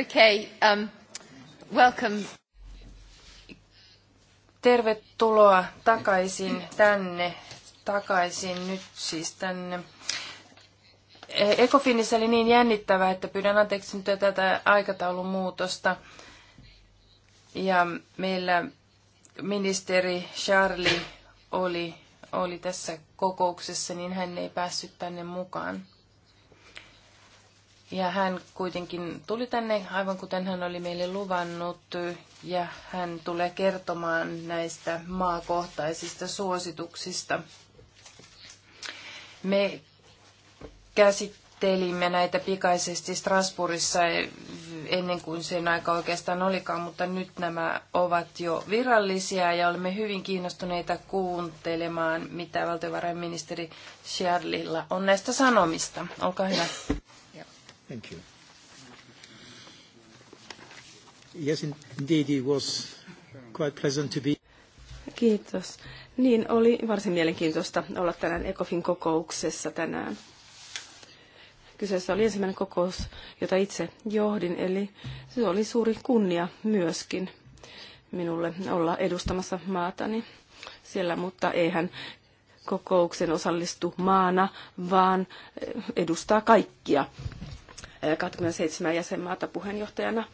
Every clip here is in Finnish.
okay, um, welcome. Tervetuloa takaisin tänne, takaisin nyt siis tänne. Ekofinissa oli niin jännittävää, että pyydän anteeksi nyt tätä aikataulun muutosta. Ja meillä ministeri Charlie oli, oli tässä kokouksessa, niin hän ei päässyt tänne mukaan. Ja hän kuitenkin tuli tänne, aivan kuten hän oli meille luvannut, ja hän tulee kertomaan näistä maakohtaisista suosituksista. Me käsittelimme näitä pikaisesti Strasbourgissa ennen kuin sen aika oikeastaan olikaan, mutta nyt nämä ovat jo virallisia ja olemme hyvin kiinnostuneita kuuntelemaan, mitä valtiovarainministeri Scherlillä on näistä sanomista. Olkaa hyvä. Thank you. Yes, indeed, it was quite pleasant to be. Kiitos. Niin, oli varsin mielenkiintoista olla tänään ECOFIN kokouksessa tänään. Kyseessä oli ensimmäinen kokous, jota itse johdin, eli se oli suuri kunnia myöskin minulle olla edustamassa maatani siellä, mutta eihän kokouksen osallistu maana, vaan edustaa kaikkia 27 jäsenmaata puheenjohtajana.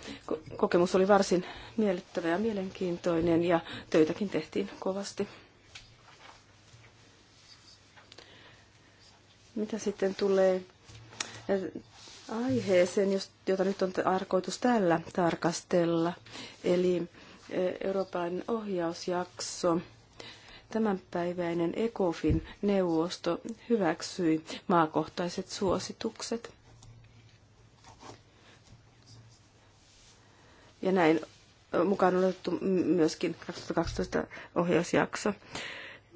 Kokemus oli varsin miellyttävä ja mielenkiintoinen ja töitäkin tehtiin kovasti. Mitä sitten tulee eh, aiheeseen, jota nyt on tarkoitus tällä tarkastella, eli eh, eurooppalainen ohjausjakso. Tämänpäiväinen ECOFIN neuvosto hyväksyi maakohtaiset suositukset. Ja näin mukaan on otettu myöskin 2012 ohjausjakso.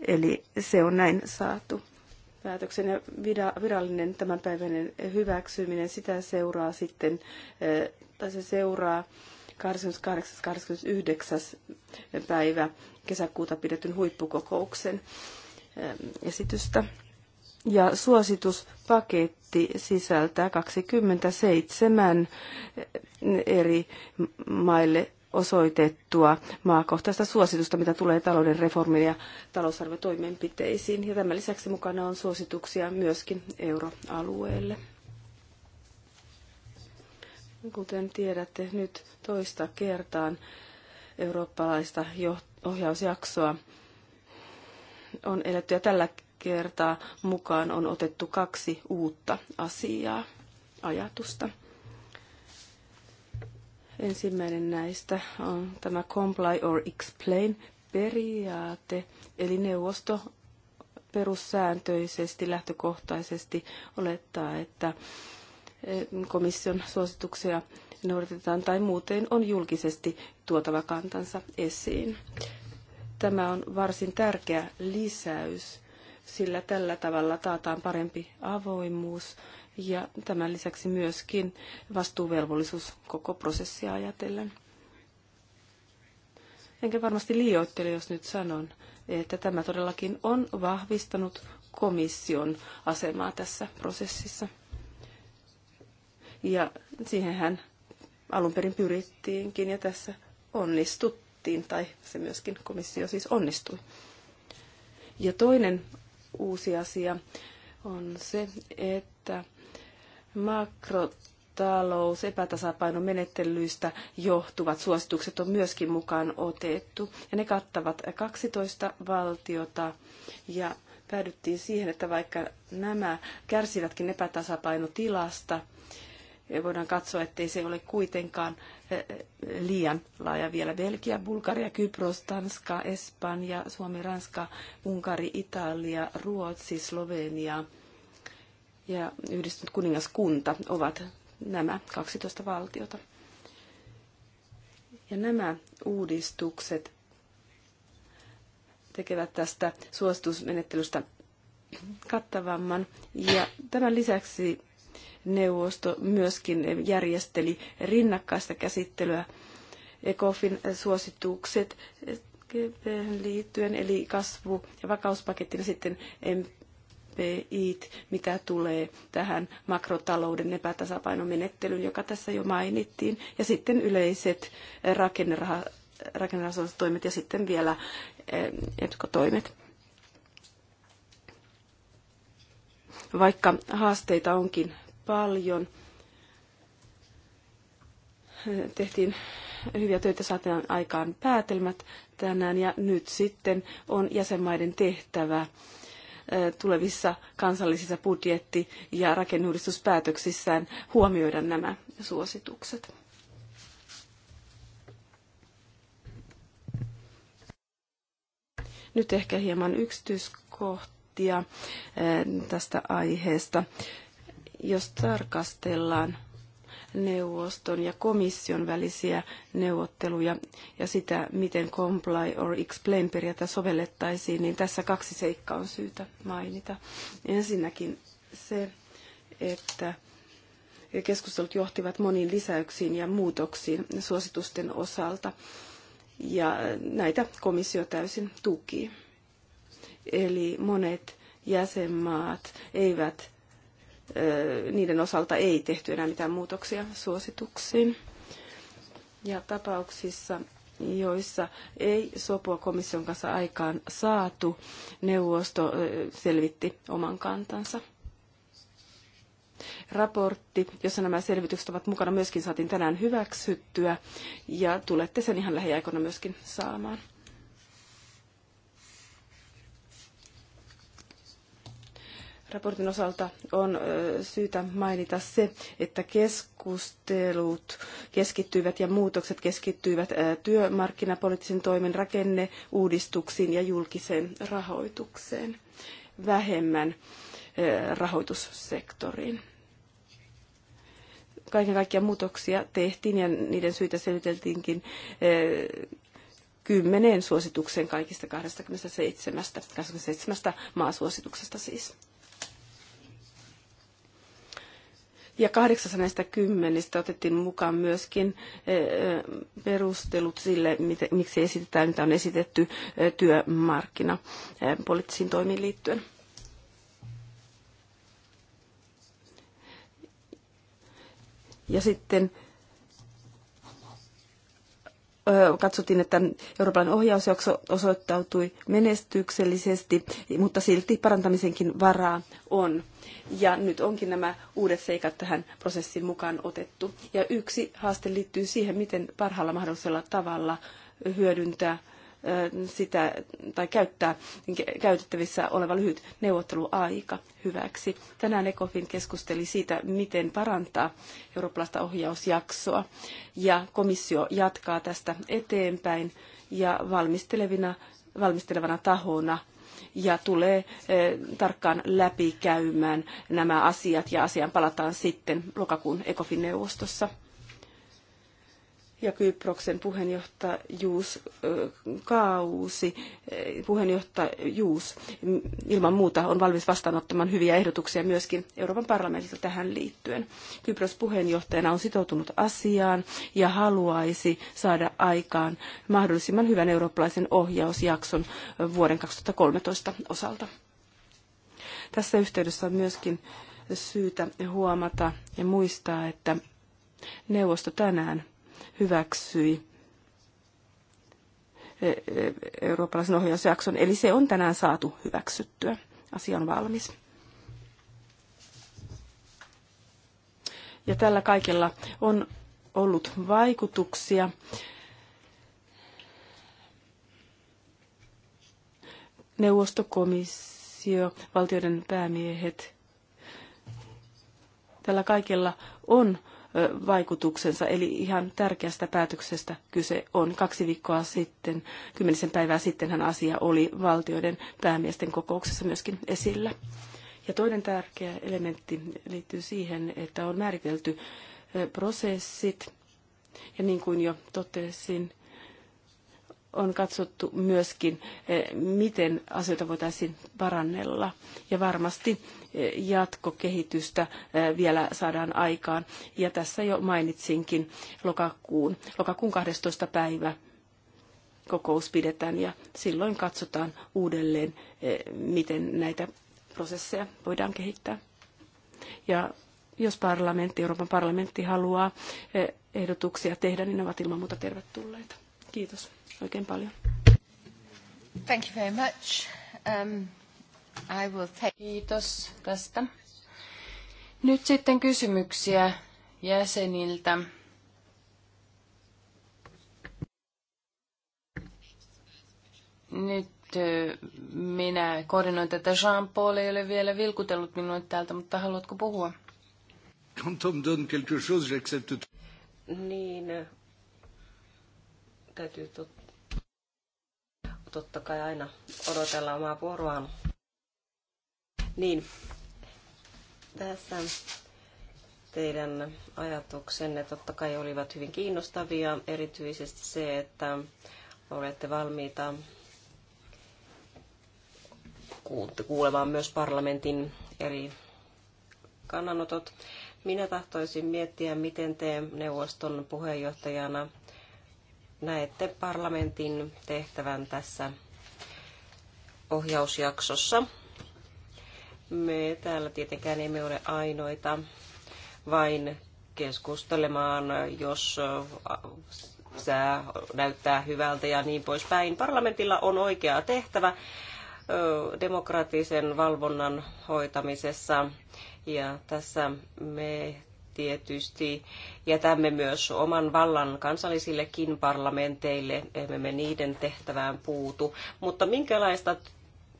Eli se on näin saatu päätöksen ja virallinen tämänpäiväinen hyväksyminen, sitä seuraa sitten, tai se seuraa 28.–29. päivä kesäkuuta pidetyn huippukokouksen esitystä. Ja suosituspaketti sisältää 27 eri maille osoitettua maakohtaista suositusta, mitä tulee talouden reformiin ja talousarvotoimenpiteisiin. Ja tämän lisäksi mukana on suosituksia myöskin euroalueelle. Kuten tiedätte, nyt toista kertaan eurooppalaista ohjausjaksoa on eletty ja tällä kertaa mukaan on otettu kaksi uutta asiaa, ajatusta – Ensimmäinen näistä on tämä comply or explain periaate, eli neuvosto perussääntöisesti, lähtökohtaisesti olettaa, että eh, komission suosituksia noudatetaan tai muuten on julkisesti tuotava kantansa esiin. Tämä on varsin tärkeä lisäys, sillä tällä tavalla taataan parempi avoimuus ja tämän lisäksi myöskin vastuuvelvollisuus koko prosessia ajatellen. Enkä varmasti liioittele, jos nyt sanon, että tämä todellakin on vahvistanut komission asemaa tässä prosessissa. Ja siihenhän alun perin pyrittiinkin ja tässä onnistuttiin, tai se myöskin komissio siis onnistui. Ja toinen uusi asia on se, että Makrotalous, epätasapainomenettelyistä johtuvat suositukset on myöskin mukaan otettu. Ja ne kattavat 12 valtiota ja päädyttiin siihen, että vaikka nämä kärsivätkin epätasapainotilasta, voidaan katsoa, ettei se ole kuitenkaan eh, eh, liian laaja vielä. Belgia, Bulgaria, Kypros, Tanska, Espanja, Suomi, Ranska, Unkari, Italia, Ruotsi, Slovenia, ja yhdistynyt kuningaskunta ovat nämä 12 valtiota. Ja nämä uudistukset tekevät tästä suositusmenettelystä kattavamman. Ja tämän lisäksi neuvosto myöskin järjesteli rinnakkaista käsittelyä ECOFin suositukset liittyen, eli kasvu- ja vakauspaketti sitten Pit mitä tulee tähän makrotalouden epätasapainomenettelyyn, joka tässä jo mainittiin, ja sitten yleiset eh, rakennerahastoimet ja sitten vielä eh, toimet Vaikka haasteita onkin paljon, eh, tehtiin hyviä töitä, saatiin aikaan päätelmät tänään ja nyt sitten on jäsenmaiden tehtävä tulevissa kansallisissa budjetti- ja rakennuudistuspäätöksissään huomioida nämä suositukset. Nyt ehkä hieman yksityiskohtia tästä aiheesta. Jos tarkastellaan neuvoston ja komission välisiä neuvotteluja ja sitä, miten comply or explain periaatetta sovellettaisiin, niin tässä kaksi seikkaa on syytä mainita. Ensinnäkin se, että keskustelut johtivat moniin lisäyksiin ja muutoksiin suositusten osalta, ja näitä komissio täysin tuki. Eli monet jäsenmaat eivät niiden osalta ei tehty enää mitään muutoksia suosituksiin. Ja tapauksissa, joissa ei sopua komission kanssa aikaan saatu, neuvosto selvitti oman kantansa. Raportti, jossa nämä selvitykset ovat mukana, myöskin saatiin tänään hyväksyttyä ja tulette sen ihan lähiaikoina myöskin saamaan. raportin osalta on syytä mainita se, että keskustelut keskittyivät ja muutokset keskittyivät työmarkkinapoliittisen toimen rakenneuudistuksiin ja julkiseen rahoitukseen, vähemmän rahoitussektoriin. Kaiken kaikkiaan muutoksia tehtiin ja niiden syitä selviteltiinkin kymmeneen suositukseen kaikista 27, 27 maasuosituksesta siis. Ja kymmenistä otettiin mukaan myöskin eh, eh, perustelut sille, miksi esitetään, mitä on esitetty eh, työmarkkina poliittisiin toimiin liittyen. Ja sitten katsottiin, että Euroopan ohjausjakso osoittautui menestyksellisesti, mutta silti parantamisenkin varaa on. Ja nyt onkin nämä uudet seikat tähän prosessiin mukaan otettu. Ja yksi haaste liittyy siihen, miten parhaalla mahdollisella tavalla hyödyntää sitä, tai käyttää käytettävissä oleva lyhyt neuvotteluaika hyväksi. Tänään ECOFIN keskusteli siitä, miten parantaa eurooppalaista ohjausjaksoa, ja komissio jatkaa tästä eteenpäin, ja valmistelevina, valmistelevana tahona ja tulee tarkkaan läpikäymään nämä asiat ja asiaan palataan sitten lokakuun ECOFIN-neuvostossa ja Kyproksen puheenjohtaja juus ilman muuta on valmis vastaanottamaan hyviä ehdotuksia myöskin Euroopan parlamentilta tähän liittyen. Kypros puheenjohtajana on sitoutunut asiaan ja haluaisi saada aikaan mahdollisimman hyvän eurooppalaisen ohjausjakson vuoden 2013 osalta. Tässä yhteydessä on myöskin syytä huomata ja muistaa, että neuvosto tänään hyväksyi e, e, eurooppalaisen ohjausjakson, eli se on tänään saatu hyväksyttyä. Asia on valmis. Ja tällä kaikella on ollut vaikutuksia. Neuvostokomissio, valtioiden päämiehet, tällä kaikella on vaikutuksensa, eli ihan tärkeästä päätöksestä kyse on. Kaksi viikkoa sitten, kymmenisen päivää sittenhän asia oli valtioiden päämiesten kokouksessa myöskin esillä. Ja toinen tärkeä elementti liittyy siihen, että on määritelty prosessit, ja niin kuin jo totesin, on katsottu myöskin, eh, miten asioita voitaisiin parannella. Ja varmasti eh, jatkokehitystä eh, vielä saadaan aikaan. Ja tässä jo mainitsinkin lokakuun, lokakuun 12. päivä kokous pidetään ja silloin katsotaan uudelleen, miten näitä prosesseja voidaan kehittää. Ja jos parlamentti, Euroopan parlamentti haluaa ehdotuksia tehdä, niin ne ovat ilman muuta tervetulleita. Kiitos oikein paljon. Thank you very much. Um, I will take... Kiitos tästä. Nyt sitten kysymyksiä jäseniltä. Nyt minä koordinoin tätä. Jean-Paul ei ole vielä vilkutellut minua täältä, mutta haluatko puhua? Quand on me donne quelque chose, j'accepte tout. Niin, täytyy tot, totta kai aina odotella omaa vuoroaan. Niin, tässä teidän ajatuksenne totta kai olivat hyvin kiinnostavia, erityisesti se, että olette valmiita kuulemaan myös parlamentin eri kannanotot. Minä tahtoisin miettiä, miten te neuvoston puheenjohtajana – näette parlamentin tehtävän tässä ohjausjaksossa. Me täällä tietenkään emme ole ainoita vain keskustelemaan, jos sää näyttää hyvältä ja niin poispäin. Parlamentilla on oikea tehtävä demokraattisen valvonnan hoitamisessa ja tässä me tietysti jätämme myös oman vallan kansallisillekin parlamenteille, emme me niiden tehtävään puutu, mutta minkälaista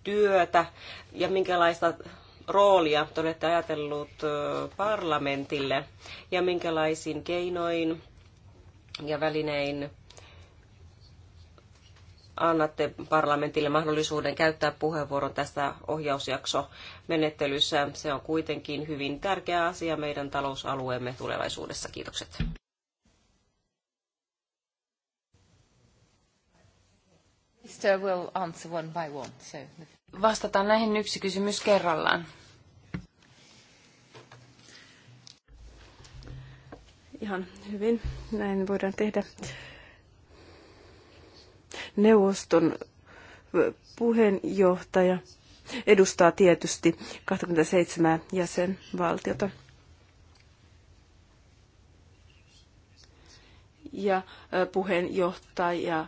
työtä ja minkälaista roolia te olette ajatellut parlamentille ja minkälaisiin keinoin ja välinein annatte parlamentille mahdollisuuden käyttää puheenvuoron tästä ohjausjaksomenettelyssä. Se on kuitenkin hyvin tärkeä asia meidän talousalueemme tulevaisuudessa. Kiitokset. Vastataan näihin yksi kysymys kerrallaan. Ihan hyvin, näin voidaan tehdä neuvoston puheenjohtaja edustaa tietysti 27 jäsenvaltiota. Ja puheenjohtaja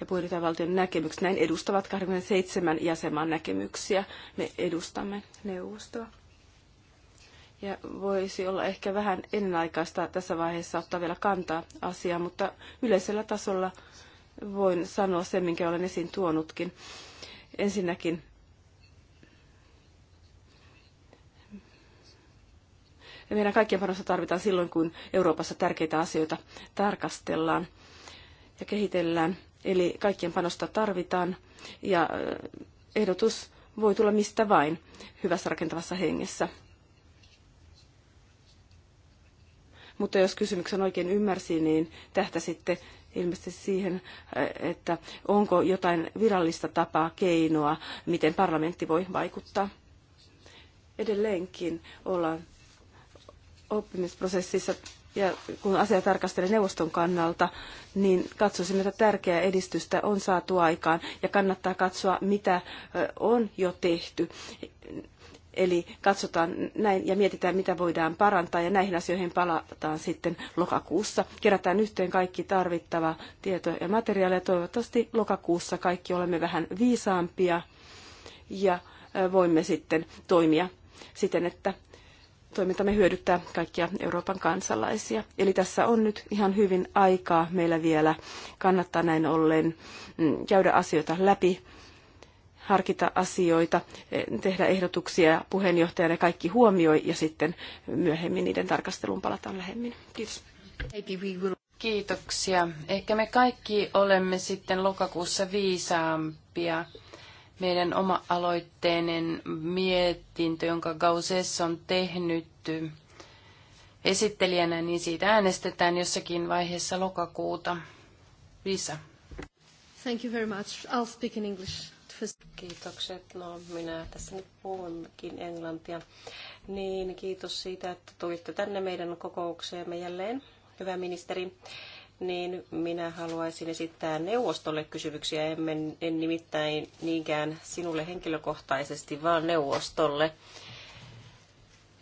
ja puheenjohtajavaltion näkemykset, näin edustavat 27 jäsenmaan näkemyksiä. Me edustamme neuvostoa. Ja voisi olla ehkä vähän ennenaikaista tässä vaiheessa ottaa vielä kantaa asiaa, mutta yleisellä tasolla voin sanoa sen, minkä olen esiin tuonutkin. Ensinnäkin meidän kaikkien panosta tarvitaan silloin, kun Euroopassa tärkeitä asioita tarkastellaan ja kehitellään. Eli kaikkien panosta tarvitaan ja äh, ehdotus voi tulla mistä vain hyvässä rakentavassa hengessä. Mutta jos kysymyksen oikein ymmärsin, niin tähtäsitte ilmeisesti siihen, että onko jotain virallista tapaa, keinoa, miten parlamentti voi vaikuttaa. Edelleenkin ollaan oppimisprosessissa ja kun asia tarkastelee neuvoston kannalta, niin katsoisimme, että tärkeää edistystä on saatu aikaan ja kannattaa katsoa, mitä on jo tehty Eli katsotaan näin ja mietitään, mitä voidaan parantaa, ja näihin asioihin palataan sitten lokakuussa. Kerätään yhteen kaikki tarvittava tieto ja materiaalia. Toivottavasti lokakuussa kaikki olemme vähän viisaampia ja voimme sitten toimia siten, että toimintamme hyödyttää kaikkia Euroopan kansalaisia. Eli tässä on nyt ihan hyvin aikaa meillä vielä. Kannattaa näin ollen mm, käydä asioita läpi harkita asioita, eh, tehdä ehdotuksia puheenjohtajalle kaikki huomioi ja sitten myöhemmin niiden tarkasteluun palataan lähemmin. Kiitos. Kiitoksia. Ehkä me kaikki olemme sitten lokakuussa viisaampia. Meidän oma-aloitteinen mietintö, jonka Gauzes on tehnyt esittelijänä, niin siitä äänestetään jossakin vaiheessa lokakuuta. Lisa. Thank you very much. I'll speak in English. Kiitokset. No, minä tässä nyt puhunkin englantia. Niin, kiitos siitä, että tulitte tänne meidän kokoukseemme jälleen, hyvä ministeri. Niin minä haluaisin esittää neuvostolle kysymyksiä, en, en nimittäin niinkään sinulle henkilökohtaisesti, vaan neuvostolle.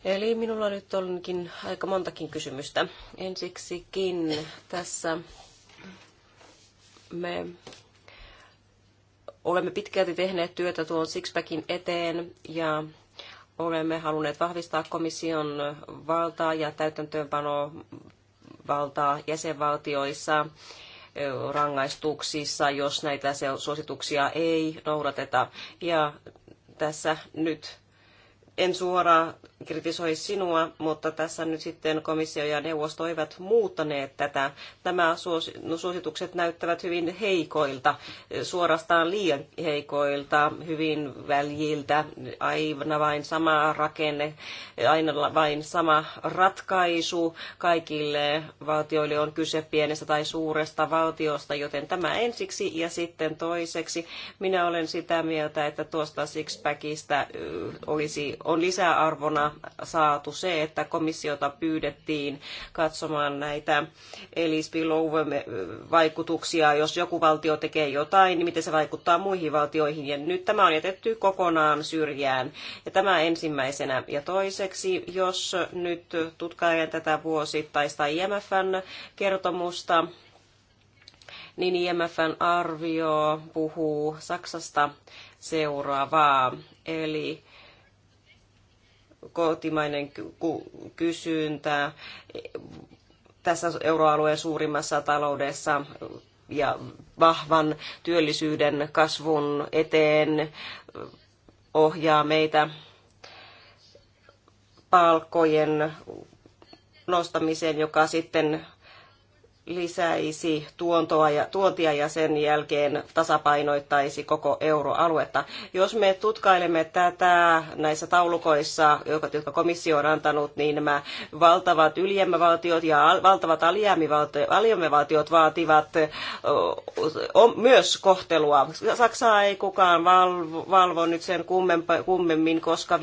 Eli minulla nyt onkin aika montakin kysymystä. Ensiksikin tässä me Olemme pitkälti tehneet työtä tuon Sixpackin eteen ja olemme halunneet vahvistaa komission valtaa ja täytäntöönpanoa valtaa jäsenvaltioissa rangaistuksissa, jos näitä suosituksia ei noudateta. Ja tässä nyt en suoraan kritisoi sinua, mutta tässä nyt sitten komissio ja neuvosto eivät muuttaneet tätä. Nämä no, suositukset näyttävät hyvin heikoilta, suorastaan liian heikoilta, hyvin väljiltä, aina vain sama rakenne, aina vain sama ratkaisu. Kaikille valtioille on kyse pienestä tai suuresta valtiosta, joten tämä ensiksi ja sitten toiseksi. Minä olen sitä mieltä, että tuosta six-packista olisi, on lisäarvona saatu se, että komissiota pyydettiin katsomaan näitä eli vaikutuksia jos joku valtio tekee jotain, niin miten se vaikuttaa muihin valtioihin. Ja nyt tämä on jätetty kokonaan syrjään. Ja tämä ensimmäisenä. Ja toiseksi, jos nyt tutkailen tätä vuosittaista IMFn kertomusta, niin IMFn arvio puhuu Saksasta seuraavaa. Eli kotimainen kysyntä tässä euroalueen suurimmassa taloudessa ja vahvan työllisyyden kasvun eteen ohjaa meitä palkkojen nostamiseen, joka sitten lisäisi tuontoa ja, tuontia ja sen jälkeen tasapainoittaisi koko euroaluetta. Jos me tutkailemme tätä näissä taulukoissa, jotka komissio on antanut, niin nämä valtavat ylijäämävaltiot ja valtavat alijäämävaltiot vaativat myös kohtelua. Saksaa ei kukaan valvo nyt sen kummemmin, koska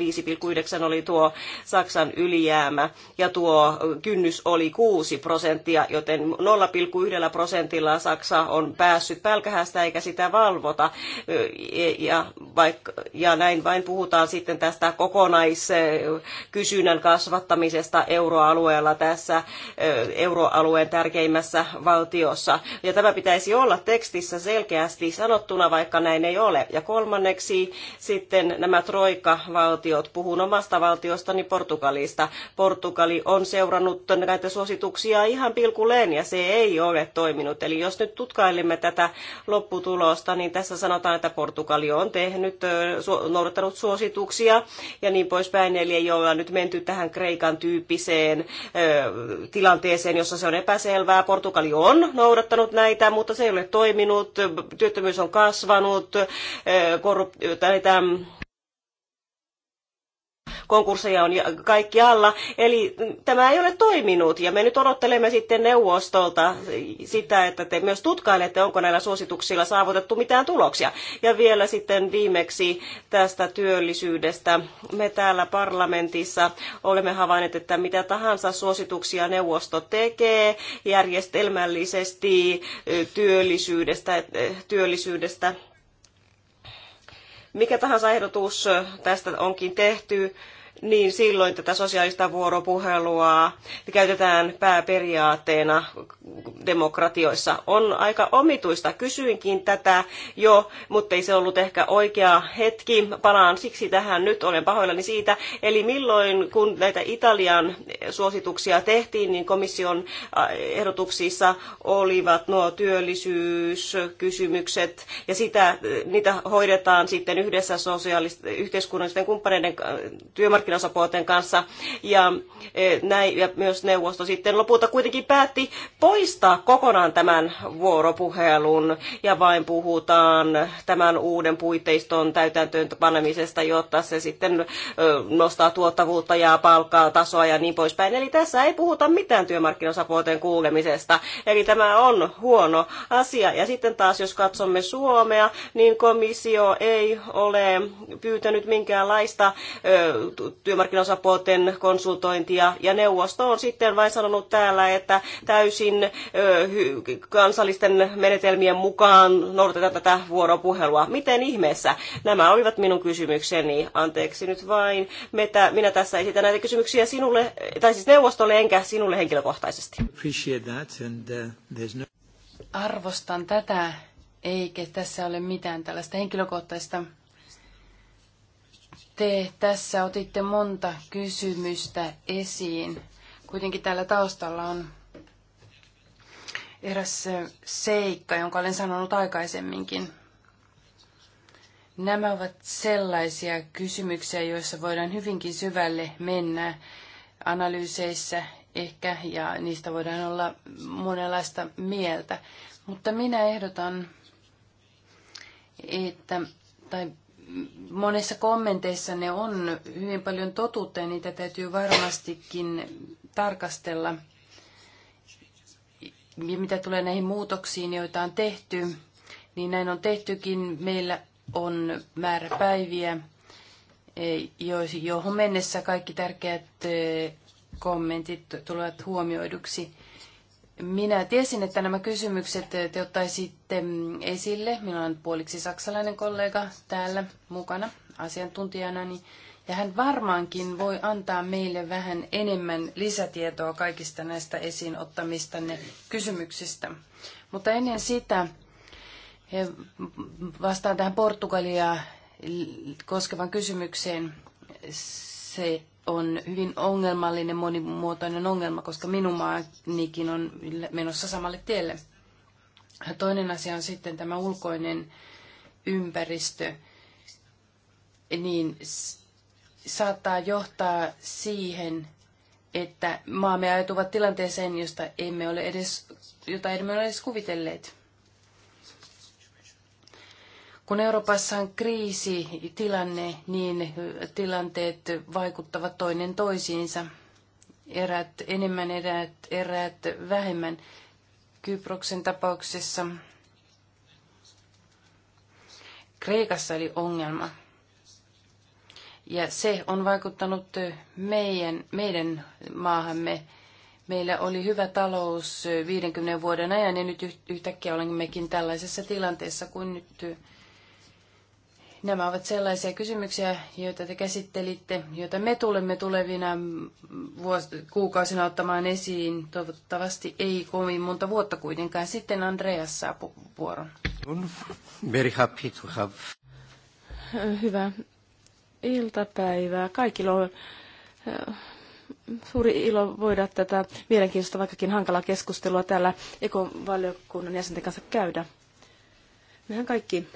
5,9 oli tuo Saksan ylijäämä ja tuo kynnys oli 6 prosenttia, joten no 0,1 prosentilla Saksa on päässyt pälkähästä eikä sitä valvota. Ja, vaikka, ja näin vain puhutaan sitten tästä kokonaiskysynnän kasvattamisesta euroalueella tässä euroalueen tärkeimmässä valtiossa. Ja tämä pitäisi olla tekstissä selkeästi sanottuna, vaikka näin ei ole. Ja kolmanneksi sitten nämä troikavaltiot, valtiot Puhun omasta valtiostani Portugalista. Portugali on seurannut näitä suosituksia ihan pilkuleen ja se ei ole toiminut. Eli jos nyt tutkailimme tätä lopputulosta, niin tässä sanotaan, että Portugali on tehnyt, noudattanut suosituksia ja niin poispäin. Eli ei olla nyt menty tähän Kreikan tyyppiseen tilanteeseen, jossa se on epäselvää. Portugali on noudattanut näitä, mutta se ei ole toiminut. Työttömyys on kasvanut, korrup- näitä mm, konkursseja on kaikkialla. Eli tämä ei ole toiminut ja me nyt odottelemme sitten neuvostolta sitä, että te myös tutkailette, onko näillä suosituksilla saavutettu mitään tuloksia. Ja vielä sitten viimeksi tästä työllisyydestä. Me täällä parlamentissa olemme havainneet, että mitä tahansa suosituksia neuvosto tekee järjestelmällisesti työllisyydestä, työllisyydestä mikä tahansa ehdotus tästä onkin tehty, niin silloin tätä sosiaalista vuoropuhelua käytetään pääperiaatteena demokratioissa. On aika omituista. Kysyinkin tätä jo, mutta ei se ollut ehkä oikea hetki. Palaan siksi tähän nyt, olen pahoillani siitä. Eli milloin, kun näitä Italian suosituksia tehtiin, niin komission äh, ehdotuksissa olivat nuo työllisyyskysymykset ja sitä, niitä hoidetaan sitten yhdessä sosiaalisten yhteiskunnallisten kumppaneiden äh, työmarkkinoiden työmarkkinasopuolten kanssa. Ja, e, näin, ja myös neuvosto sitten lopulta kuitenkin päätti poistaa kokonaan tämän vuoropuhelun ja vain puhutaan tämän uuden puitteiston täytäntöönpanemisesta, jotta se sitten e, nostaa tuottavuutta ja palkkaa, tasoa ja niin poispäin. Eli tässä ei puhuta mitään työmarkkinasopuolten kuulemisesta. Eli tämä on huono asia. Ja sitten taas, jos katsomme Suomea, niin komissio ei ole pyytänyt minkäänlaista e, työmarkkinaosapuolten konsultointia. Ja neuvosto on sitten vain sanonut täällä, että täysin kansallisten menetelmien mukaan noudatetaan tätä vuoropuhelua. Miten ihmeessä? Nämä olivat minun kysymykseni. Anteeksi nyt vain. Metä, minä tässä esitän näitä kysymyksiä sinulle, tai siis neuvostolle, enkä sinulle henkilökohtaisesti. Uh, no- Arvostan tätä, eikä tässä ole mitään tällaista henkilökohtaista te tässä otitte monta kysymystä esiin. Kuitenkin täällä taustalla on eräs seikka, jonka olen sanonut aikaisemminkin. Nämä ovat sellaisia kysymyksiä, joissa voidaan hyvinkin syvälle mennä analyyseissä ehkä, ja niistä voidaan olla monenlaista mieltä. Mutta minä ehdotan, että, tai monessa kommenteissa ne on hyvin paljon totuutta ja niitä täytyy varmastikin tarkastella. Ja mitä tulee näihin muutoksiin, joita on tehty, niin näin on tehtykin. Meillä on päiviä, e, johon mennessä kaikki tärkeät e, kommentit tulevat huomioiduksi. Minä tiesin, että nämä kysymykset eh, te ottaisitte mm, esille. Minulla on puoliksi saksalainen kollega täällä mukana asiantuntijana, niin- ja hän varmaankin voi antaa meille vähän enemmän lisätietoa kaikista näistä esiin ottamistanne kysymyksistä. Mutta ennen sitä eh, vastaan tähän Portugalia koskevan kysymykseen. Se on hyvin ongelmallinen, monimuotoinen ongelma, koska minun maanikin on menossa samalle tielle. Toinen asia on sitten tämä ulkoinen ympäristö. Niin saattaa johtaa siihen, että maamme ajatuvat tilanteeseen, josta emme ole edes, jota emme ole edes kuvitelleet. Kun Euroopassa on kriisitilanne, niin tilanteet vaikuttavat toinen toisiinsa. Erät enemmän, erät, erät vähemmän. Kyproksen tapauksessa Kreikassa oli ongelma. Ja se on vaikuttanut meidän, meidän maahamme. Meillä oli hyvä talous 50 vuoden ajan ja nyt yhtäkkiä olemmekin tällaisessa tilanteessa kuin nyt Nämä ovat sellaisia kysymyksiä, joita te käsittelitte, joita me tulemme tulevina vuos- kuukausina ottamaan esiin. Toivottavasti ei kovin monta vuotta kuitenkaan. Sitten Andreas saa vuoron. Very happy to have. Hyvää iltapäivää. Kaikilla on eh, suuri ilo voida tätä mielenkiintoista, vaikkakin hankalaa keskustelua täällä ekovaliokunnan jäsenten kanssa käydä. Mehän kaikki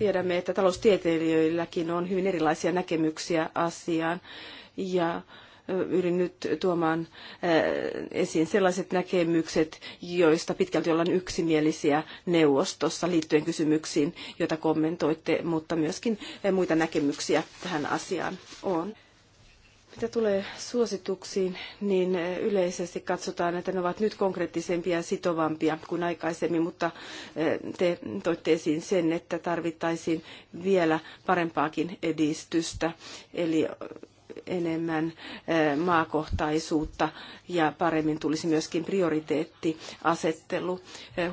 Tiedämme, että taloustieteilijöilläkin on hyvin erilaisia näkemyksiä asiaan ja yritin nyt tuomaan esiin sellaiset näkemykset, joista pitkälti ollaan yksimielisiä neuvostossa liittyen kysymyksiin, joita kommentoitte, mutta myöskin muita näkemyksiä tähän asiaan on. Mitä tulee suosituksiin, niin yleisesti katsotaan, että ne ovat nyt konkreettisempia ja sitovampia kuin aikaisemmin, mutta eh, te toitte esiin sen, että tarvittaisiin vielä parempaakin edistystä, eli eh, enemmän eh, maakohtaisuutta ja paremmin tulisi myöskin prioriteettiasettelu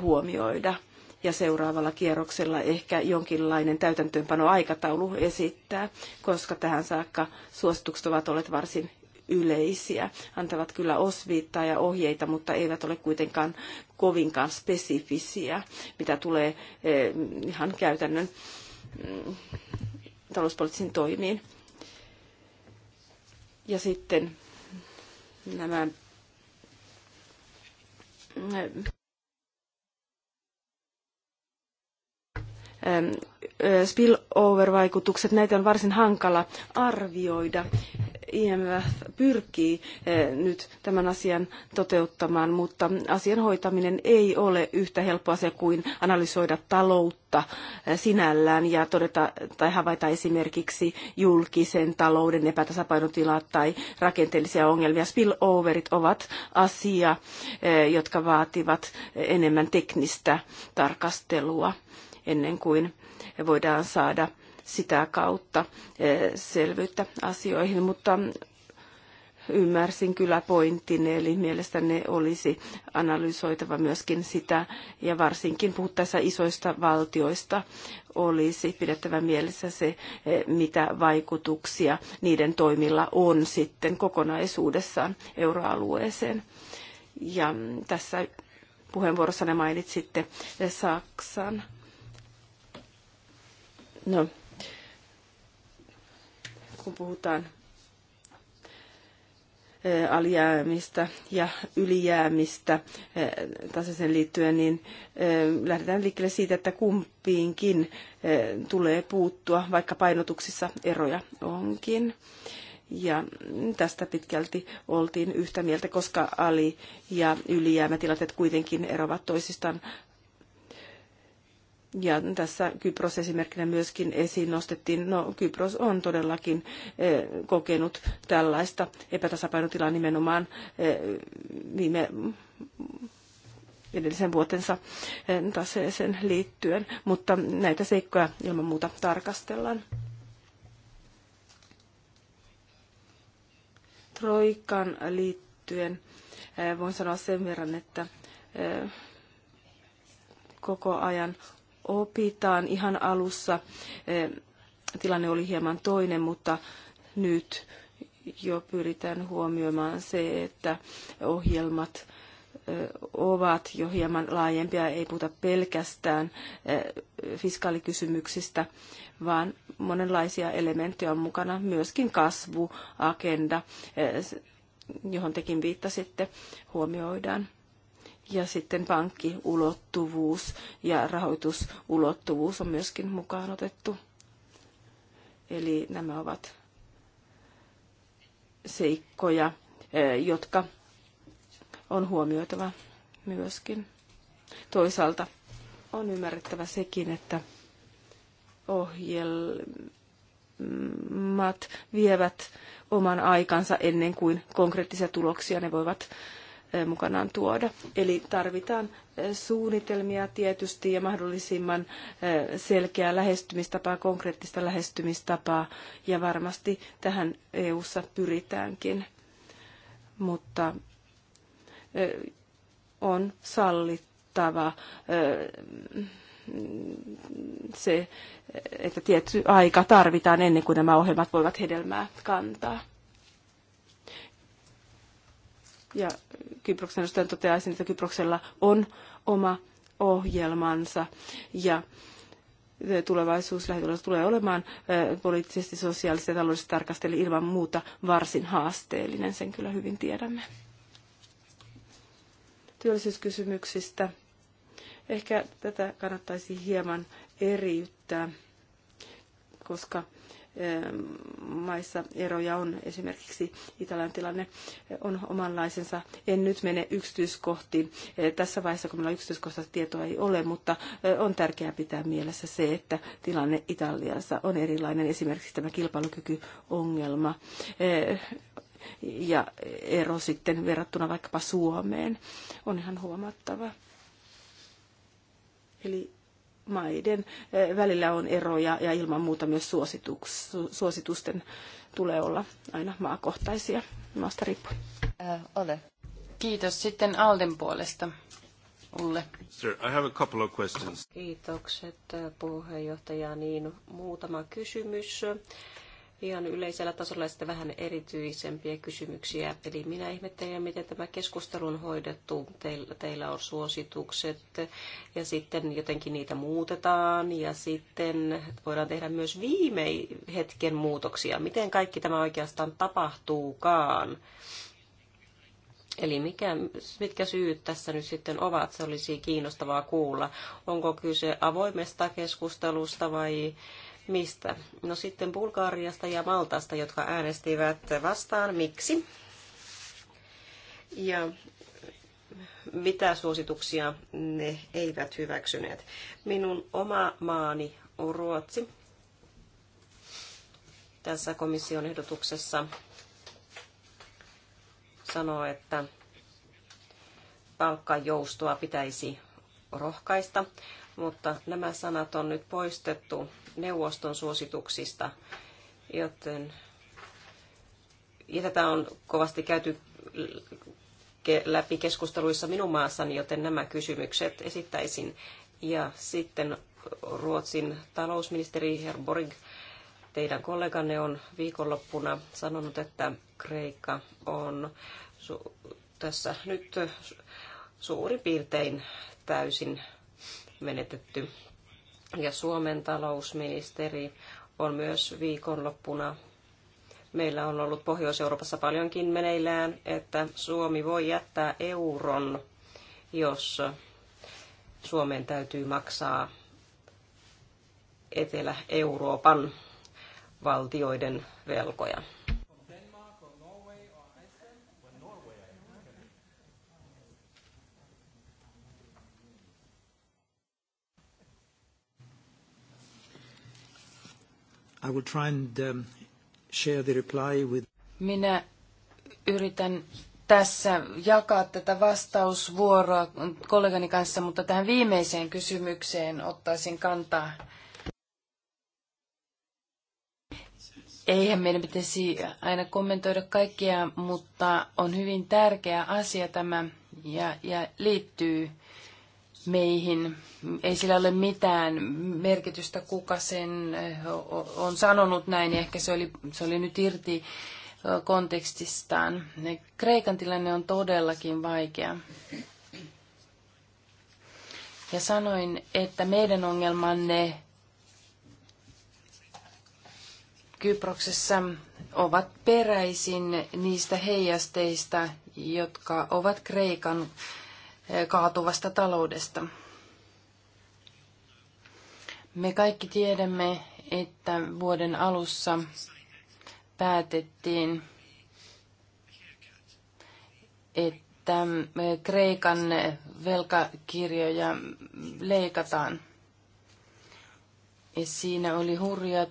huomioida ja seuraavalla kierroksella ehkä jonkinlainen täytäntöönpanoaikataulu esittää, koska tähän saakka suositukset ovat olleet varsin yleisiä, antavat kyllä osviittaa ja ohjeita, mutta eivät ole kuitenkaan kovinkaan spesifisiä, mitä tulee eh, ihan käytännön mm, talouspoliittisiin toimiin. Ja sitten nämä mm, spillover-vaikutukset, näitä on varsin hankala arvioida. IMF pyrkii nyt tämän asian toteuttamaan, mutta asian hoitaminen ei ole yhtä helppo asia kuin analysoida taloutta sinällään ja todeta tai havaita esimerkiksi julkisen talouden epätasapainotilat tai rakenteellisia ongelmia. Spilloverit ovat asia, jotka vaativat enemmän teknistä tarkastelua ennen kuin voidaan saada sitä kautta eh, selvyyttä asioihin, mutta ymmärsin kyllä pointin, eli mielestäni olisi analysoitava myöskin sitä, ja varsinkin puhuttaessa isoista valtioista olisi pidettävä mielessä se, eh, mitä vaikutuksia niiden toimilla on sitten kokonaisuudessaan euroalueeseen. Ja tässä puheenvuorossanne mainitsitte Saksan No, kun puhutaan alijäämistä ja ylijäämistä tasaisen liittyen, niin lähdetään liikkeelle siitä, että kumpiinkin tulee puuttua, vaikka painotuksissa eroja onkin. Ja tästä pitkälti oltiin yhtä mieltä, koska ali- ja ylijäämätilanteet kuitenkin eroavat toisistaan ja tässä Kypros esimerkkinä myöskin esiin nostettiin, no Kypros on todellakin eh, kokenut tällaista epätasapainotilaa nimenomaan eh, viime edellisen vuotensa eh, taseeseen liittyen, mutta näitä seikkoja ilman muuta tarkastellaan. Troikan liittyen voin sanoa sen verran, että koko ajan opitaan. Ihan alussa e, tilanne oli hieman toinen, mutta nyt jo pyritään huomioimaan se, että ohjelmat e, ovat jo hieman laajempia, ei puhuta pelkästään e, fiskaalikysymyksistä, vaan monenlaisia elementtejä on mukana, myöskin kasvuagenda, johon tekin viittasitte, huomioidaan. Ja sitten pankkiulottuvuus ja rahoitusulottuvuus on myöskin mukaan otettu. Eli nämä ovat seikkoja, e, jotka on huomioitava myöskin. Toisaalta on ymmärrettävä sekin, että ohjelmat vievät oman aikansa ennen kuin konkreettisia tuloksia ne voivat mukanaan tuoda. Eli tarvitaan suunnitelmia tietysti ja mahdollisimman selkeää lähestymistapaa, konkreettista lähestymistapaa ja varmasti tähän EU-ssa pyritäänkin. Mutta on sallittava se, että tietty aika tarvitaan ennen kuin nämä ohjelmat voivat hedelmää kantaa. Ja Kyproksen edustajan toteaisin, että Kyproksella on oma ohjelmansa ja e, tulevaisuus lähitulevaisuus tulee olemaan e, poliittisesti, sosiaalisesti ja taloudellisesti tarkastellen ilman muuta varsin haasteellinen, sen kyllä hyvin tiedämme. Työllisyyskysymyksistä. Ehkä tätä kannattaisi hieman eriyttää, koska maissa eroja on. Esimerkiksi Italian tilanne on omanlaisensa. En nyt mene yksityiskohtiin tässä vaiheessa, kun meillä yksityiskohtaista tietoa ei ole, mutta on tärkeää pitää mielessä se, että tilanne Italiassa on erilainen. Esimerkiksi tämä kilpailukykyongelma ja ero sitten verrattuna vaikkapa Suomeen on ihan huomattava. Eli maiden eh, välillä on eroja ja ilman muuta myös suositusten tulee olla aina maakohtaisia maasta riippuen. Äh, ole. Kiitos sitten Alden puolesta. Ulle. Sir, I have a couple of questions. Kiitokset eh, puheenjohtaja. Niin, muutama kysymys ihan yleisellä tasolla ja sitten vähän erityisempiä kysymyksiä. Eli minä ihmettelen, miten tämä keskustelu on hoidettu. Teillä, teillä on suositukset ja sitten jotenkin niitä muutetaan ja sitten voidaan tehdä myös viime hetken muutoksia. Miten kaikki tämä oikeastaan tapahtuukaan? Eli mikä, mitkä syyt tässä nyt sitten ovat, se olisi kiinnostavaa kuulla. Onko kyse avoimesta keskustelusta vai Mistä? No sitten Bulgaariasta ja Maltasta, jotka äänestivät vastaan. Miksi? Ja mitä suosituksia ne eivät hyväksyneet? Minun oma maani on Ruotsi. Tässä komission ehdotuksessa sanoo, että palkkajoustoa pitäisi rohkaista, mutta nämä sanat on nyt poistettu neuvoston suosituksista, joten ja tätä on kovasti käyty läpi keskusteluissa minun maassani, joten nämä kysymykset esittäisin. Ja sitten Ruotsin talousministeri Herborg, Borg, teidän kolleganne on viikonloppuna sanonut, että Kreikka on tässä nyt suurin piirtein täysin menetetty ja Suomen talousministeri on myös viikonloppuna. Meillä on ollut Pohjois-Euroopassa paljonkin meneillään, että Suomi voi jättää euron, jos Suomen täytyy maksaa Etelä-Euroopan valtioiden velkoja. I will try and um, share the reply with... Minä yritän tässä jakaa tätä vastausvuoroa kollegani kanssa, mutta tähän viimeiseen kysymykseen ottaisin kantaa. Eihän meidän pitäisi aina kommentoida kaikkea, mutta on hyvin tärkeä asia tämä ja, ja liittyy meihin. Ei sillä ole mitään merkitystä, kuka sen on sanonut näin. Ehkä se oli, se oli nyt irti kontekstistaan. Kreikan tilanne on todellakin vaikea. Ja sanoin, että meidän ongelmanne Kyproksessa ovat peräisin niistä heijasteista, jotka ovat Kreikan kaatuvasta taloudesta. Me kaikki tiedämme, että vuoden alussa päätettiin, että Kreikan velkakirjoja leikataan. Ja siinä oli hurjat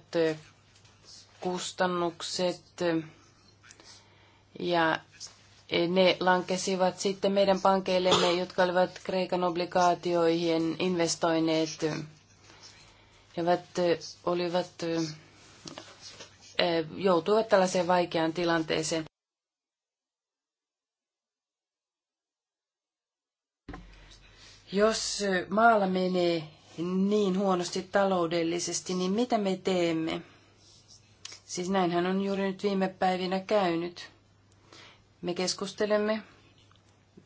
kustannukset ja ne lankesivat sitten meidän pankeillemme, jotka olivat Kreikan obligaatioihin investoineet. ja ovat, olivat, joutuivat tällaiseen vaikeaan tilanteeseen. Jos maalla menee niin huonosti taloudellisesti, niin mitä me teemme? Siis näinhän on juuri nyt viime päivinä käynyt. Me keskustelemme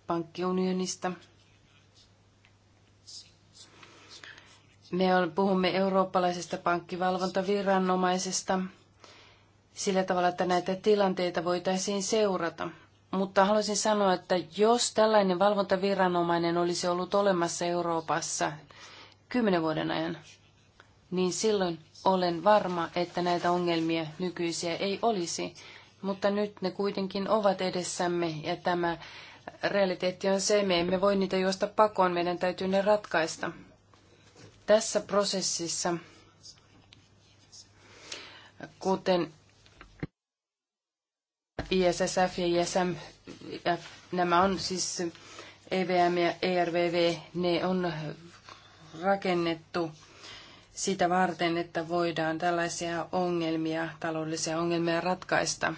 pankkiunionista. Me puhumme eurooppalaisesta pankkivalvontaviranomaisesta sillä tavalla, että näitä tilanteita voitaisiin seurata. Mutta haluaisin sanoa, että jos tällainen valvontaviranomainen olisi ollut olemassa Euroopassa kymmenen vuoden ajan, niin silloin olen varma, että näitä ongelmia nykyisiä ei olisi mutta nyt ne kuitenkin ovat edessämme ja tämä realiteetti on se, me emme voi niitä juosta pakoon, meidän täytyy ne ratkaista. Tässä prosessissa, kuten ISSF ja ISM, nämä on siis EVM ja ERVV, ne on rakennettu sitä varten, että voidaan tällaisia ongelmia, taloudellisia ongelmia ratkaista.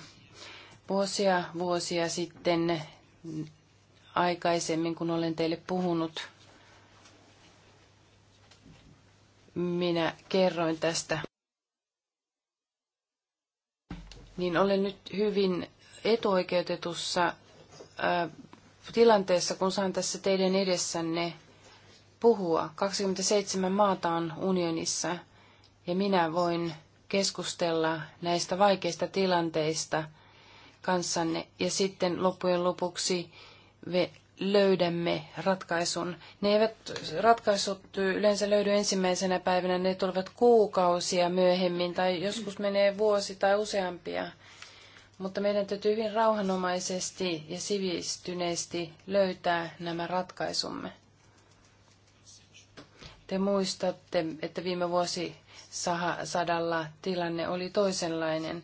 Vuosia vuosia sitten aikaisemmin, kun olen teille puhunut, minä kerroin tästä, niin olen nyt hyvin etuoikeutetussa tilanteessa, kun saan tässä teidän edessänne puhua. 27 maata on unionissa ja minä voin keskustella näistä vaikeista tilanteista kanssanne ja sitten loppujen lopuksi löydämme ratkaisun. Ne eivät ratkaisut yleensä löydy ensimmäisenä päivänä, ne tulevat kuukausia myöhemmin tai joskus menee vuosi tai useampia. Mutta meidän täytyy hyvin rauhanomaisesti ja sivistyneesti löytää nämä ratkaisumme. Te muistatte, että viime vuosi sadalla tilanne oli toisenlainen.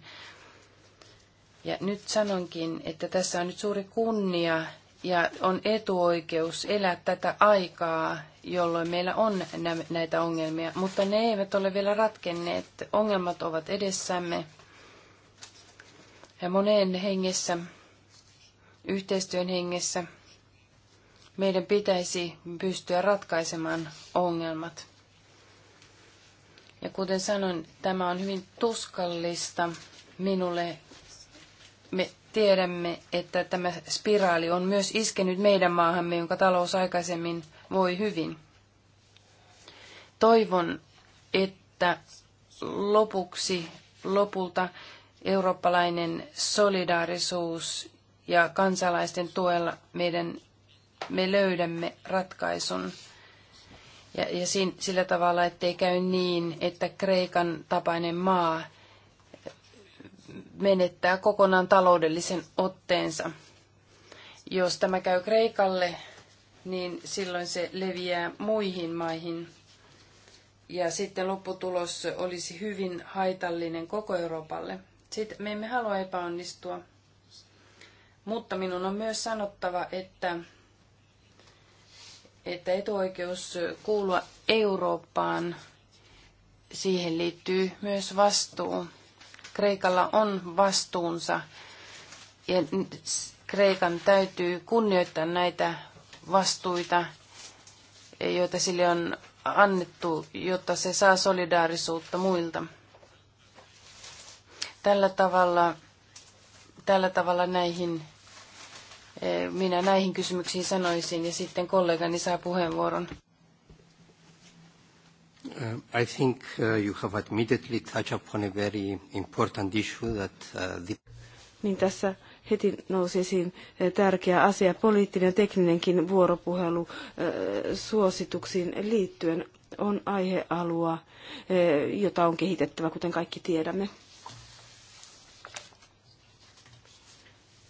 Ja nyt sanonkin, että tässä on nyt suuri kunnia ja on etuoikeus elää tätä aikaa, jolloin meillä on näitä ongelmia, mutta ne eivät ole vielä ratkenneet. Ongelmat ovat edessämme ja moneen hengessä, yhteistyön hengessä – meidän pitäisi pystyä ratkaisemaan ongelmat. Ja kuten sanoin, tämä on hyvin tuskallista minulle. Me tiedämme, että tämä spiraali on myös iskenyt meidän maahamme, jonka talous aikaisemmin voi hyvin. Toivon, että lopuksi, lopulta eurooppalainen solidaarisuus ja kansalaisten tuella meidän me löydämme ratkaisun. Ja, ja sin, sillä tavalla, ettei käy niin, että Kreikan tapainen maa menettää kokonaan taloudellisen otteensa. Jos tämä käy Kreikalle, niin silloin se leviää muihin maihin. Ja sitten lopputulos olisi hyvin haitallinen koko Euroopalle. Sitten me emme halua epäonnistua. Mutta minun on myös sanottava, että että etuoikeus kuulua Eurooppaan, siihen liittyy myös vastuu. Kreikalla on vastuunsa ja Kreikan täytyy kunnioittaa näitä vastuita, joita sille on annettu, jotta se saa solidaarisuutta muilta. Tällä tavalla, tällä tavalla näihin minä näihin kysymyksiin sanoisin ja sitten kollegani saa puheenvuoron. Uh, I think uh, you have admittedly touched upon a very important issue that uh, the... Niin tässä heti nousi esiin tärkeä asia, poliittinen ja tekninenkin vuoropuhelu suosituksiin liittyen on aihealua, jota on kehitettävä, kuten kaikki tiedämme.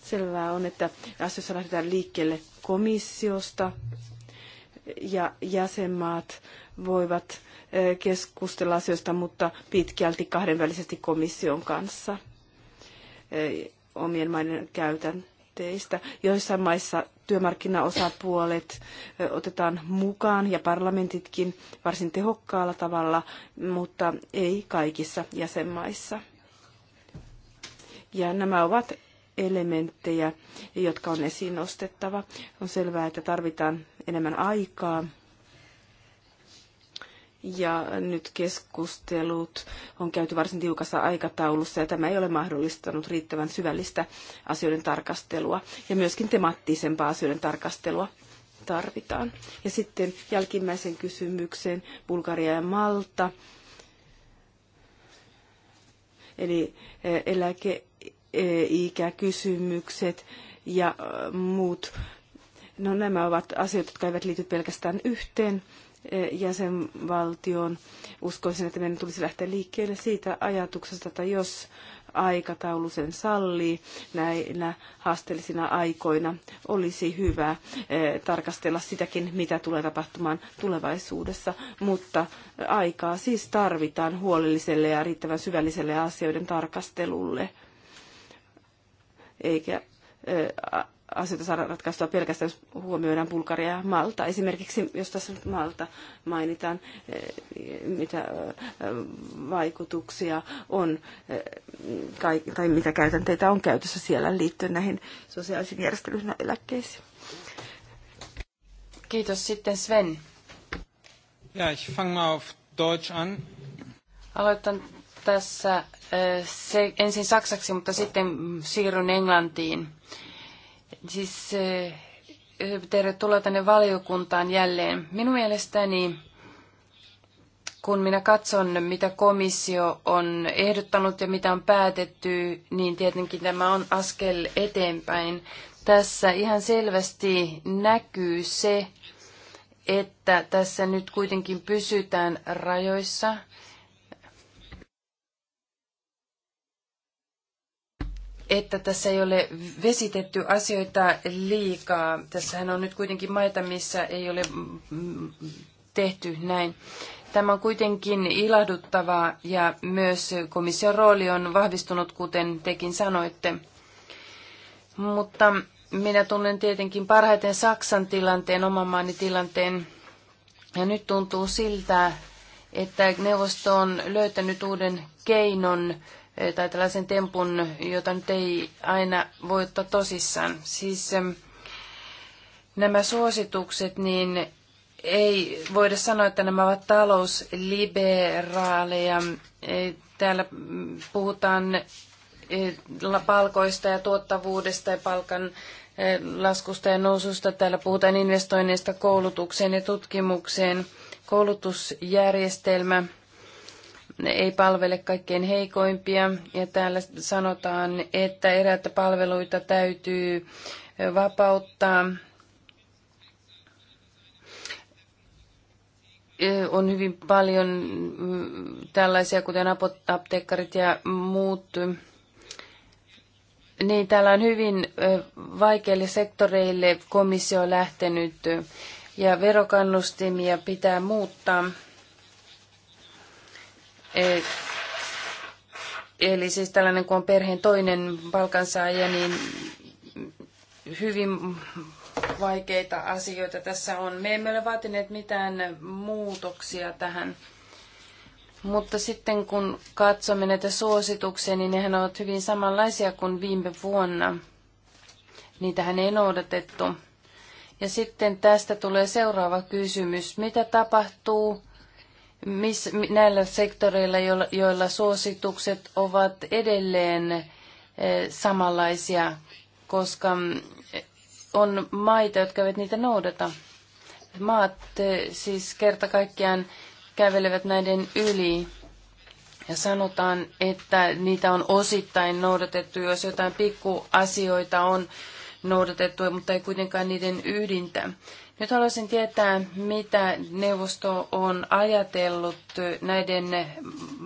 Selvää on, että asioissa lähdetään liikkeelle komissiosta ja jäsenmaat voivat eh, keskustella asioista, mutta pitkälti kahdenvälisesti komission kanssa eh, omien maiden käytänteistä. Joissain maissa työmarkkinaosapuolet eh, otetaan mukaan ja parlamentitkin varsin tehokkaalla tavalla, mutta ei kaikissa jäsenmaissa. Ja nämä ovat elementtejä, jotka on esiin nostettava. On selvää, että tarvitaan enemmän aikaa. Ja nyt keskustelut on käyty varsin tiukassa aikataulussa ja tämä ei ole mahdollistanut riittävän syvällistä asioiden tarkastelua ja myöskin temaattisempaa asioiden tarkastelua tarvitaan. Ja sitten jälkimmäisen kysymykseen Bulgaria ja Malta. Eli eh, eläke E ikäkysymykset ja muut. No nämä ovat asioita, jotka eivät liity pelkästään yhteen jäsenvaltioon. Uskoisin, että meidän tulisi lähteä liikkeelle siitä ajatuksesta, että jos aikataulu sen sallii näinä haasteellisina aikoina, olisi hyvä tarkastella sitäkin, mitä tulee tapahtumaan tulevaisuudessa. Mutta aikaa siis tarvitaan huolelliselle ja riittävän syvälliselle asioiden tarkastelulle eikä asioita saada ratkaistua pelkästään, jos huomioidaan Bulgaria ja Malta. Esimerkiksi, jos tässä nyt Malta mainitaan, niin mitä vaikutuksia on tai mitä käytänteitä on käytössä siellä liittyen näihin sosiaalisiin järjestelyihin eläkkeisiin. Kiitos. Sitten Sven. Ja, ich fange mal auf Deutsch an. Aloitan tässä se, ensin saksaksi, mutta sitten siirryn Englantiin. Siis tervetuloa tänne valiokuntaan jälleen. Minun mielestäni, kun minä katson, mitä komissio on ehdottanut ja mitä on päätetty, niin tietenkin tämä on askel eteenpäin. Tässä ihan selvästi näkyy se, että tässä nyt kuitenkin pysytään rajoissa – että tässä ei ole vesitetty asioita liikaa. Tässähän on nyt kuitenkin maita, missä ei ole tehty näin. Tämä on kuitenkin ilahduttavaa ja myös komission rooli on vahvistunut, kuten tekin sanoitte. Mutta minä tunnen tietenkin parhaiten Saksan tilanteen, oman maani tilanteen. Ja nyt tuntuu siltä, että neuvosto on löytänyt uuden keinon tai tällaisen tempun, jota nyt ei aina voi ottaa tosissaan. Siis nämä suositukset, niin ei voida sanoa, että nämä ovat talousliberaaleja. E, täällä puhutaan e, palkoista ja tuottavuudesta ja palkan e, laskusta ja noususta. Täällä puhutaan investoinneista koulutukseen ja tutkimukseen. Koulutusjärjestelmä ne ei palvele kaikkein heikoimpia. Ja täällä sanotaan, että eräitä palveluita täytyy vapauttaa. On hyvin paljon mm, tällaisia, kuten apteekkarit ja muut. Niin, täällä on hyvin vaikeille sektoreille komissio lähtenyt ja verokannustimia pitää muuttaa. Eh, eli siis tällainen, kun on perheen toinen palkansaaja, niin hyvin vaikeita asioita tässä on. Me emme ole vaatineet mitään muutoksia tähän. Mutta sitten kun katsomme näitä suosituksia, niin nehän ovat hyvin samanlaisia kuin viime vuonna. Niitähän ei noudatettu. Ja sitten tästä tulee seuraava kysymys. Mitä tapahtuu, miss, näillä sektoreilla, joilla, joilla suositukset ovat edelleen eh, samanlaisia, koska mm, on maita, jotka eivät niitä noudata. Maat eh, siis kerta kaikkiaan kävelevät näiden yli ja sanotaan, että niitä on osittain noudatettu, jos jotain pikkuasioita on noudatettu, mutta ei kuitenkaan niiden ydintä. Nyt haluaisin tietää, mitä neuvosto on ajatellut näiden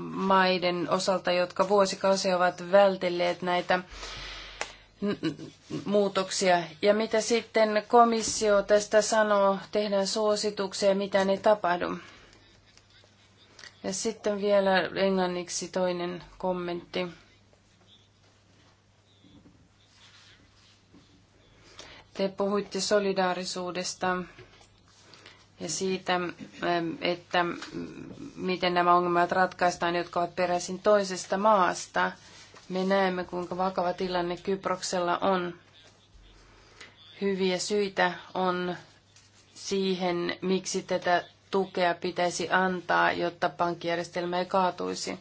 maiden osalta, jotka vuosikausia ovat vältelleet näitä muutoksia. Ja mitä sitten komissio tästä sanoo, tehdään suosituksia mitä ne tapahdu. Ja sitten vielä englanniksi toinen kommentti. Te puhuitte solidaarisuudesta ja siitä, ähm, että miten nämä ongelmat ratkaistaan, jotka ovat peräisin toisesta maasta. Me näemme, kuinka vakava tilanne Kyproksella on. Hyviä syitä on siihen, miksi tätä tukea pitäisi antaa, jotta pankkijärjestelmä ei kaatuisi.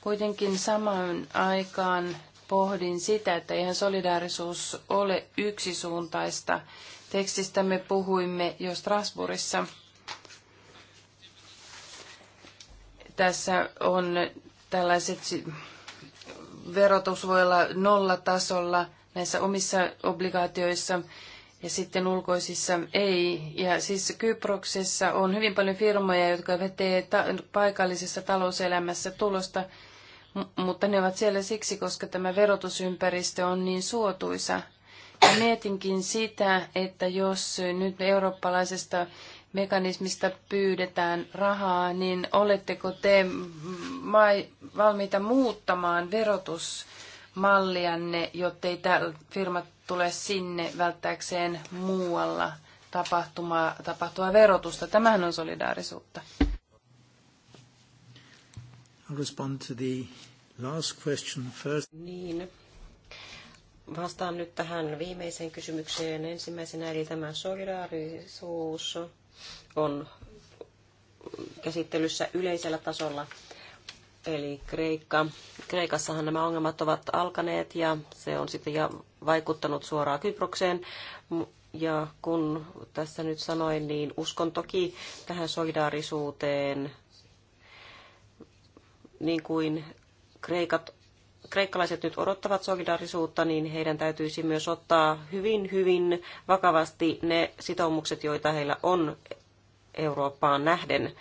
Kuitenkin samaan aikaan pohdin sitä, että eihän solidaarisuus ole yksisuuntaista. Tekstistä me puhuimme jo Strasbourgissa. Tässä on tällaiset verotus voi olla nollatasolla näissä omissa obligaatioissa ja sitten ulkoisissa ei. Ja siis Kyproksessa on hyvin paljon firmoja, jotka vetee ta- paikallisessa talouselämässä tulosta mutta ne ovat siellä siksi, koska tämä verotusympäristö on niin suotuisa. Ja mietinkin sitä, että jos nyt eurooppalaisesta mekanismista pyydetään rahaa, niin oletteko te valmiita muuttamaan verotusmallianne, jotta jottei firmat tule sinne välttääkseen muualla tapahtuvaa verotusta? Tämähän on solidaarisuutta. I'll respond to the last question first. Niin. Vastaan nyt tähän viimeiseen kysymykseen ensimmäisenä, eli tämä solidaarisuus on käsittelyssä yleisellä tasolla. Eli Kreikka. Kreikassahan nämä ongelmat ovat alkaneet ja se on sitten ja vaikuttanut suoraan Kyprokseen. Ja kun tässä nyt sanoin, niin uskon toki tähän solidaarisuuteen niin kuin kreikat, kreikkalaiset nyt odottavat solidaarisuutta, niin heidän täytyisi myös ottaa hyvin, hyvin vakavasti ne sitoumukset, joita heillä on Eurooppaan nähden.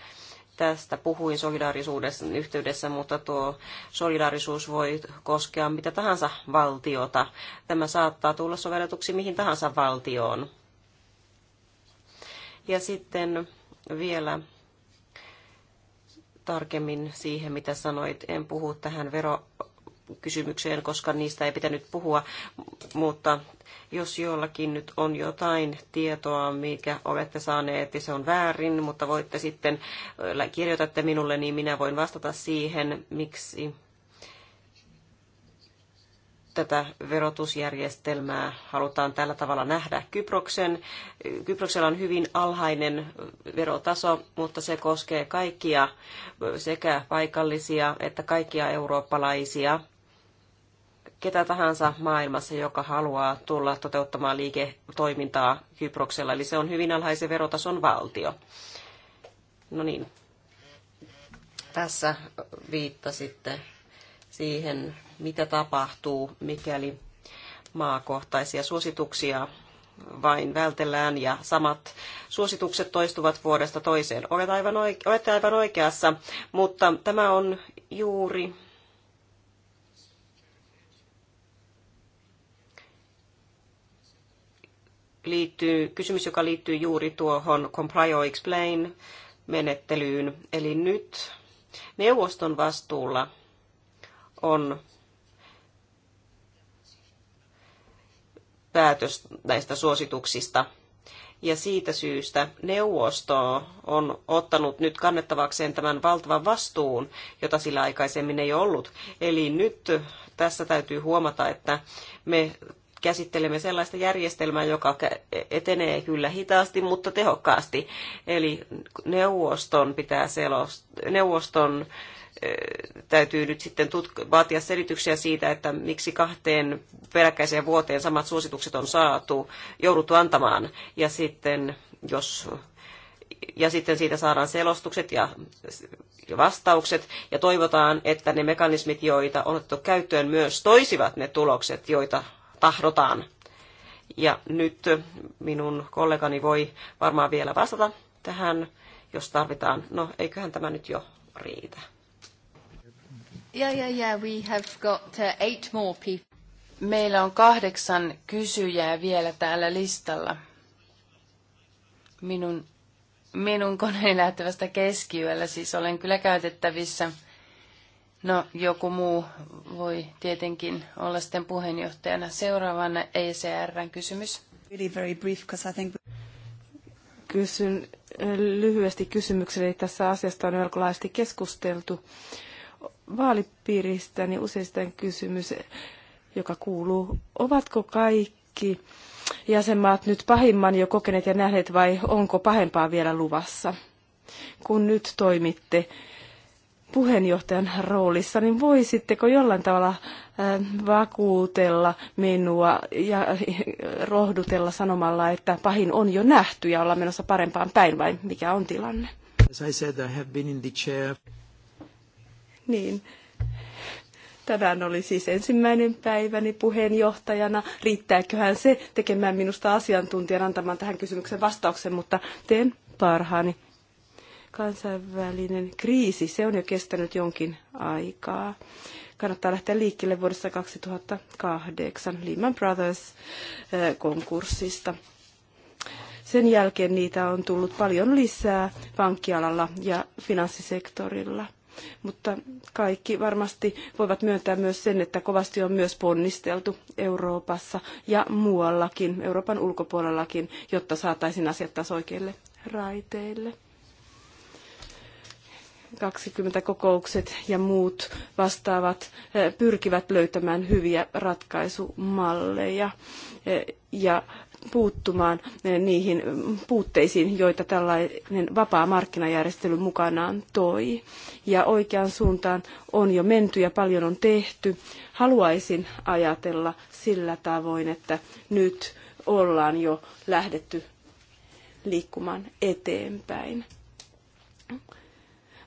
Tästä puhuin solidaarisuuden yhteydessä, mutta tuo solidaarisuus voi koskea mitä tahansa valtiota. Tämä saattaa tulla sovelletuksi mihin tahansa valtioon. Ja sitten vielä tarkemmin siihen, mitä sanoit. En puhu tähän verokysymykseen, koska niistä ei pitänyt puhua, mutta jos jollakin nyt on jotain tietoa, mikä olette saaneet, ja se on väärin, mutta voitte sitten äh, kirjoitatte minulle, niin minä voin vastata siihen, miksi tätä verotusjärjestelmää halutaan tällä tavalla nähdä. Kyproksen, Kyproksella on hyvin alhainen verotaso, mutta se koskee kaikkia sekä paikallisia että kaikkia eurooppalaisia ketä tahansa maailmassa, joka haluaa tulla toteuttamaan liiketoimintaa Kyproksella. Eli se on hyvin alhaisen verotason valtio. No niin, tässä viittasitte siihen, mitä tapahtuu, mikäli maakohtaisia suosituksia vain vältellään ja samat suositukset toistuvat vuodesta toiseen. Olet aivan oike- olette aivan oikeassa, mutta tämä on juuri liittyy, kysymys, joka liittyy juuri tuohon comply or explain menettelyyn. Eli nyt neuvoston vastuulla on päätös näistä suosituksista. Ja siitä syystä neuvosto on ottanut nyt kannettavakseen tämän valtavan vastuun, jota sillä aikaisemmin ei ollut. Eli nyt tässä täytyy huomata, että me käsittelemme sellaista järjestelmää, joka etenee kyllä hitaasti, mutta tehokkaasti. Eli neuvoston pitää selostaa neuvoston täytyy nyt sitten vaatia selityksiä siitä, että miksi kahteen peräkkäiseen vuoteen samat suositukset on saatu, jouduttu antamaan. Ja sitten, jos, ja sitten siitä saadaan selostukset ja vastaukset ja toivotaan, että ne mekanismit, joita on otettu käyttöön, myös toisivat ne tulokset, joita tahdotaan. Ja nyt minun kollegani voi varmaan vielä vastata tähän, jos tarvitaan. No, eiköhän tämä nyt jo riitä. Yeah, yeah, yeah. We have got uh, eight more people. Meillä on kahdeksan kysyjää vielä täällä listalla. Minun, minun koneen lähtevästä keskiyöllä siis olen kyllä käytettävissä. No, joku muu voi tietenkin olla sitten puheenjohtajana. Seuraavana ECRn kysymys. Really very brief, I think... Kysyn eh, lyhyesti kysymykseni. Tässä asiasta on melko laajasti keskusteltu. Vaalipiiristäni niin usein kysymys, eh, joka kuuluu, ovatko kaikki jäsenmaat nyt pahimman jo kokeneet ja nähneet vai onko pahempaa vielä luvassa? Kun nyt toimitte, puheenjohtajan roolissa, niin voisitteko jollain tavalla vakuutella minua ja äh, rohdutella sanomalla, että pahin on jo nähty ja ollaan menossa parempaan päin vai mikä on tilanne? As I said, I have been in the chair. Niin. Tänään oli siis ensimmäinen päiväni puheenjohtajana. Riittääköhän se tekemään minusta asiantuntijan antamaan tähän kysymykseen vastauksen, mutta teen parhaani kansainvälinen kriisi, se on jo kestänyt jonkin aikaa. Kannattaa lähteä liikkeelle vuodesta 2008 Lehman Brothers-konkurssista. Eh, sen jälkeen niitä on tullut paljon lisää pankkialalla ja finanssisektorilla. Mutta kaikki varmasti voivat myöntää myös sen, että kovasti on myös ponnisteltu Euroopassa ja muuallakin, Euroopan ulkopuolellakin, jotta saataisiin asiat taas oikeille raiteille 20 kokoukset ja muut vastaavat eh, pyrkivät löytämään hyviä ratkaisumalleja eh, ja puuttumaan eh, niihin puutteisiin, joita tällainen vapaa markkinajärjestely mukanaan toi. Ja oikeaan suuntaan on jo menty ja paljon on tehty. Haluaisin ajatella sillä tavoin, että nyt ollaan jo lähdetty liikkumaan eteenpäin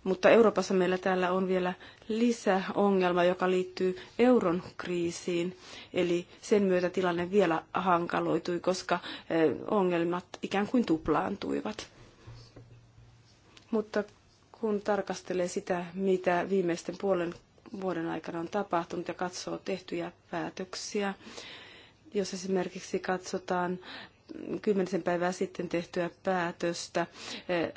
mutta Euroopassa meillä täällä on vielä lisäongelma, joka liittyy euron kriisiin. Eli sen myötä tilanne vielä hankaloitui, koska eh, ongelmat ikään kuin tuplaantuivat. Mutta kun tarkastelee sitä, mitä viimeisten puolen vuoden aikana on tapahtunut ja katsoo tehtyjä päätöksiä, jos esimerkiksi katsotaan kymmenisen päivää sitten tehtyä päätöstä eh,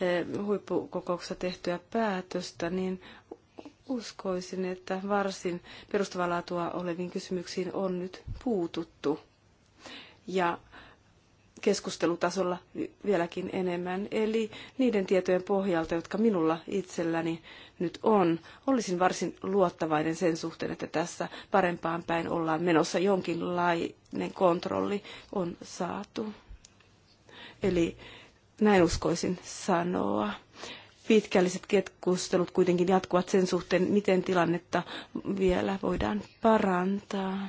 Eh, huippukokouksessa tehtyä päätöstä, niin uskoisin, että varsin perustavalaatua oleviin kysymyksiin on nyt puututtu. Ja keskustelutasolla vieläkin enemmän. Eli niiden tietojen pohjalta, jotka minulla itselläni nyt on, olisin varsin luottavainen sen suhteen, että tässä parempaan päin ollaan menossa. Jonkinlainen kontrolli on saatu. Eli näin uskoisin sanoa. Pitkälliset keskustelut kuitenkin jatkuvat sen suhteen, miten tilannetta vielä voidaan parantaa.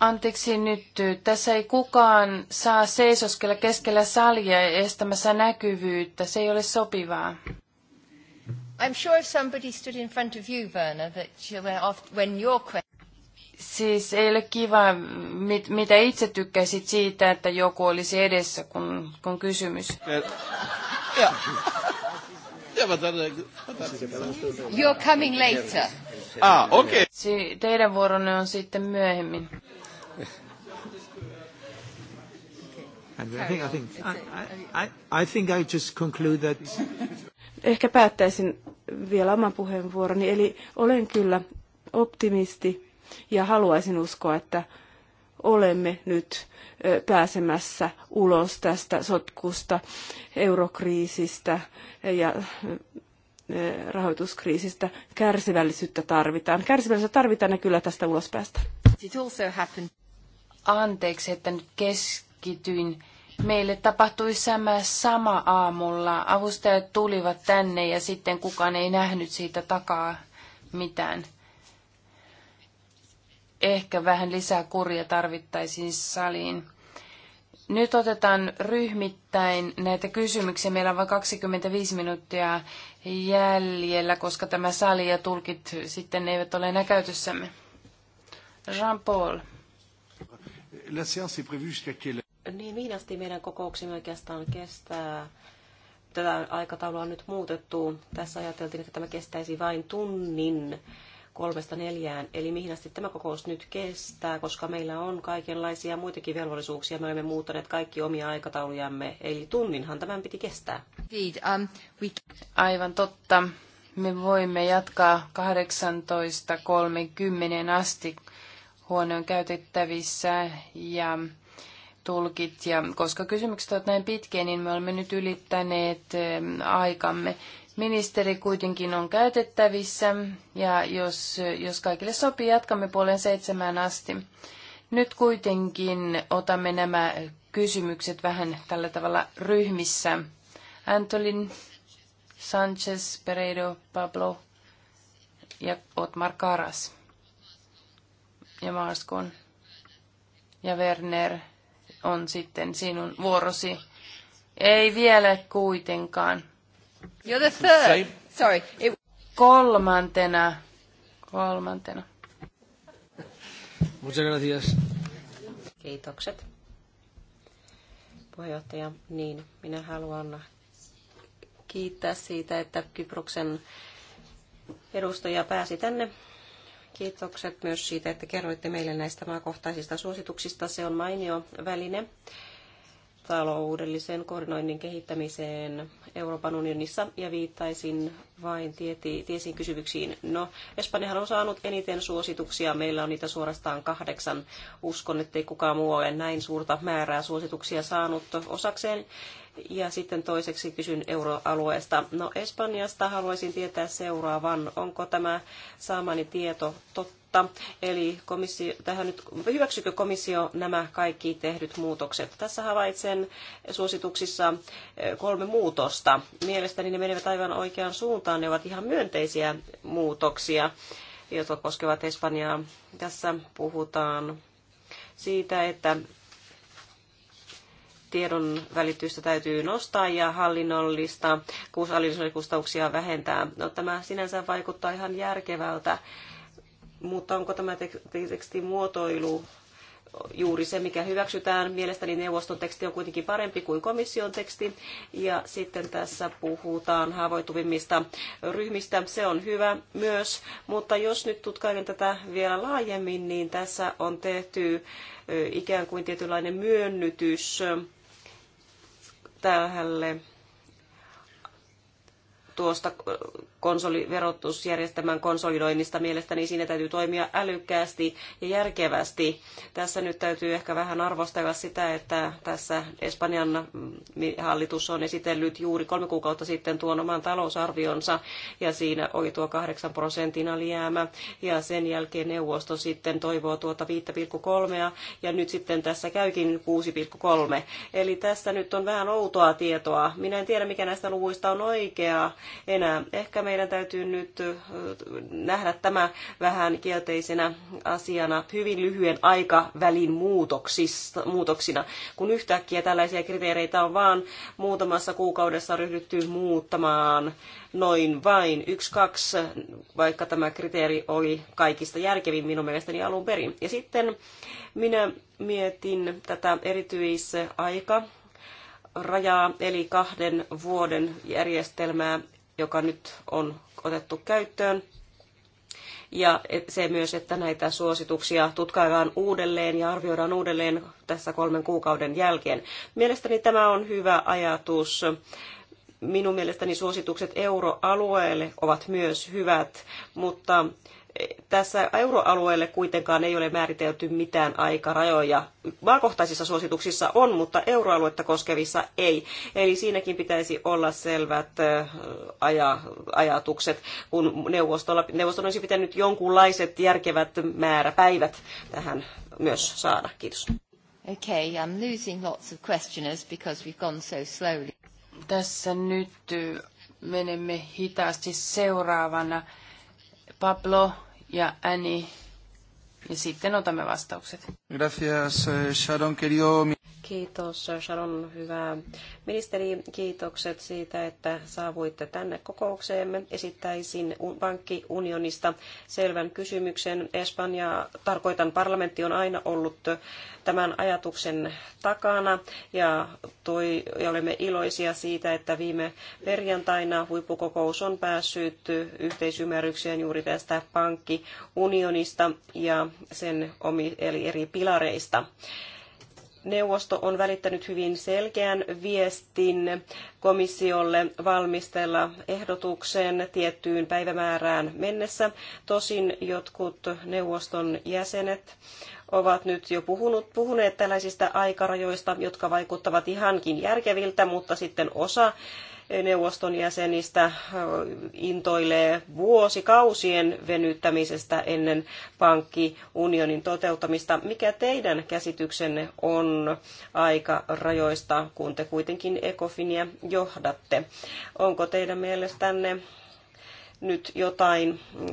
Anteeksi nyt, tässä ei kukaan saa seisoskella keskellä salia estämässä näkyvyyttä. Se ei ole sopivaa. I'm sure if somebody stood in front of you, Werner, that when your question... Siis ei ole kiva, mit, mitä itse tykkäsit siitä, että joku olisi edessä, kun, kun kysymys. You're coming later. Ah, okei. Okay. Si- teidän vuoronne on sitten myöhemmin. I think, I, just conclude that... Ehkä päättäisin vielä oman puheenvuoroni. Eli olen kyllä optimisti ja haluaisin uskoa, että olemme nyt pääsemässä ulos tästä sotkusta, eurokriisistä ja rahoituskriisistä. Kärsivällisyyttä tarvitaan. Kärsivällisyyttä tarvitaan ja kyllä tästä ulos päästään. Anteeksi, että nyt keskityin. Meille tapahtui sama, sama aamulla. Avustajat tulivat tänne ja sitten kukaan ei nähnyt siitä takaa mitään ehkä vähän lisää kuria tarvittaisiin saliin. Nyt otetaan ryhmittäin näitä kysymyksiä. Meillä on vain 25 minuuttia jäljellä, koska tämä sali ja tulkit sitten eivät ole enää käytössämme. Jean-Paul. Niin, mihin asti meidän kokouksemme oikeastaan kestää? Tätä aikataulua on nyt muutettu. Tässä ajateltiin, että tämä kestäisi vain tunnin kolmesta neljään. Eli mihin asti tämä kokous nyt kestää, koska meillä on kaikenlaisia muitakin velvollisuuksia. Me olemme muuttaneet kaikki omia aikataulujamme, eli tunninhan tämän piti kestää. Um, Aivan totta. Me voimme jatkaa 18.30 asti. Huone on käytettävissä ja tulkit. Ja koska kysymykset ovat näin pitkiä, niin me olemme nyt ylittäneet eh, aikamme. Ministeri kuitenkin on käytettävissä ja jos, jos kaikille sopii, jatkamme puolen seitsemään asti. Nyt kuitenkin otamme nämä kysymykset vähän tällä tavalla ryhmissä. Antolin, Sanchez, Pereiro, Pablo ja Otmar Karas ja Marskon ja Werner on sitten sinun vuorosi. Ei vielä kuitenkaan. You're the third. Same. Sorry. It... Kolmantena. Kolmantena. Muchas gracias. Kiitokset. Puheenjohtaja, niin minä haluan kiittää siitä, että Kyproksen edustaja pääsi tänne. Kiitokset myös siitä, että kerroitte meille näistä maakohtaisista suosituksista. Se on mainio väline taloudellisen koordinoinnin kehittämiseen Euroopan unionissa ja viittaisin vain tieti, tiesiin kysymyksiin. No, Espanjahan on saanut eniten suosituksia. Meillä on niitä suorastaan kahdeksan. Uskon, ettei kukaan muu ole näin suurta määrää suosituksia saanut osakseen. Ja sitten toiseksi kysyn euroalueesta. No, Espanjasta haluaisin tietää seuraavan. Onko tämä saamani tieto totta? Eli komissio, tähän nyt, hyväksykö komissio nämä kaikki tehdyt muutokset? Tässä havaitsen suosituksissa kolme muutosta. Mielestäni ne menevät aivan oikeaan suuntaan kohtaan, ne ovat ihan myönteisiä muutoksia, jotka koskevat Espanjaa. Tässä puhutaan siitä, että tiedon välitystä täytyy nostaa ja hallinnollista kustannuksia vähentää. No, tämä sinänsä vaikuttaa ihan järkevältä, mutta onko tämä muotoilu? juuri se, mikä hyväksytään. Mielestäni neuvoston teksti on kuitenkin parempi kuin komission teksti. Ja sitten tässä puhutaan haavoittuvimmista ryhmistä. Se on hyvä myös. Mutta jos nyt tutkailen tätä vielä laajemmin, niin tässä on tehty ikään kuin tietynlainen myönnytys tälle tuosta konsoliverotusjärjestelmän konsolidoinnista Mielestäni siinä täytyy toimia älykkäästi ja järkevästi. Tässä nyt täytyy ehkä vähän arvostella sitä, että tässä Espanjan mm, hallitus on esitellyt juuri kolme kuukautta sitten tuon oman talousarvionsa ja siinä oli tuo 8 prosentin alijäämä ja sen jälkeen neuvosto sitten toivoo tuota 5,3 ja nyt sitten tässä käykin 6,3. Eli tässä nyt on vähän outoa tietoa. Minä en tiedä, mikä näistä luvuista on oikea enää. Ehkä meidän täytyy nyt nähdä tämä vähän kielteisenä asiana hyvin lyhyen aikavälin muutoksina, kun yhtäkkiä tällaisia kriteereitä on vaan muutamassa kuukaudessa ryhdytty muuttamaan noin vain yksi, kaksi, vaikka tämä kriteeri oli kaikista järkevin minun mielestäni alun perin. Ja sitten minä mietin tätä erityisaika rajaa, eli kahden vuoden järjestelmää joka nyt on otettu käyttöön. Ja se myös, että näitä suosituksia tutkaillaan uudelleen ja arvioidaan uudelleen tässä kolmen kuukauden jälkeen. Mielestäni tämä on hyvä ajatus. Minun mielestäni suositukset euroalueelle ovat myös hyvät, mutta tässä euroalueelle kuitenkaan ei ole määritelty mitään aikarajoja. Maakohtaisissa suosituksissa on, mutta euroaluetta koskevissa ei. Eli siinäkin pitäisi olla selvät ajatukset, kun neuvostolla, neuvoston olisi pitänyt jonkunlaiset järkevät määräpäivät tähän myös saada. Kiitos. Okay, I'm losing lots of questioners because we've gone so slowly. Tässä nyt menemme hitaasti seuraavana. Pablo ja Annie. Ja sitten otamme vastaukset. Gracias, eh, Sharon, querido... Kiitos Sharon, hyvä ministeri. Kiitokset siitä, että saavuitte tänne kokoukseemme. Esittäisin pankkiunionista selvän kysymyksen. Espanja, tarkoitan parlamentti, on aina ollut tämän ajatuksen takana ja, toi, ja olemme iloisia siitä, että viime perjantaina huippukokous on päässyt yhteisymmärrykseen juuri tästä pankkiunionista ja sen omi, eli eri pilareista. Neuvosto on välittänyt hyvin selkeän viestin komissiolle valmistella ehdotuksen tiettyyn päivämäärään mennessä. Tosin jotkut neuvoston jäsenet ovat nyt jo puhunut, puhuneet tällaisista aikarajoista, jotka vaikuttavat ihankin järkeviltä, mutta sitten osa neuvoston jäsenistä intoilee vuosikausien venyttämisestä ennen pankkiunionin toteuttamista. Mikä teidän käsityksenne on aika rajoista, kun te kuitenkin ECOFINia johdatte? Onko teidän mielestänne nyt jotain mm,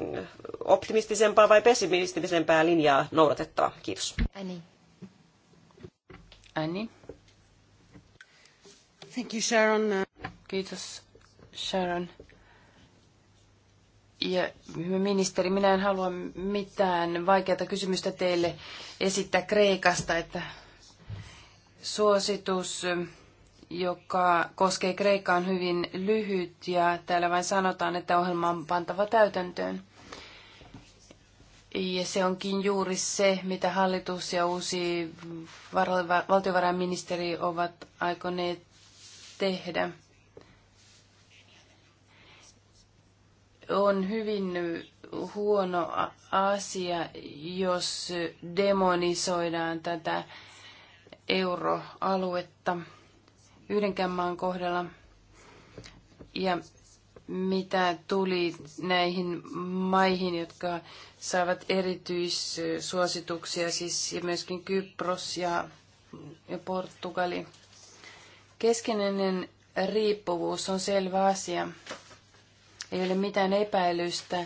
optimistisempaa vai pessimistisempää linjaa noudatettava? Kiitos. Annie. Annie. Thank you, Sharon. Kiitos Sharon. Ja ministeri, minä en halua mitään vaikeata kysymystä teille esittää Kreikasta, että suositus, joka koskee Kreikkaa, on hyvin lyhyt ja täällä vain sanotaan, että ohjelma on pantava täytäntöön. Ja se onkin juuri se, mitä hallitus ja uusi valtiovarainministeri ovat aikoneet tehdä. on hyvin huono asia, jos demonisoidaan tätä euroaluetta yhdenkään maan kohdalla. Ja mitä tuli näihin maihin, jotka saavat erityissuosituksia, siis myöskin Kypros ja, Portugali. Keskeinen riippuvuus on selvä asia. Ei ole mitään epäilystä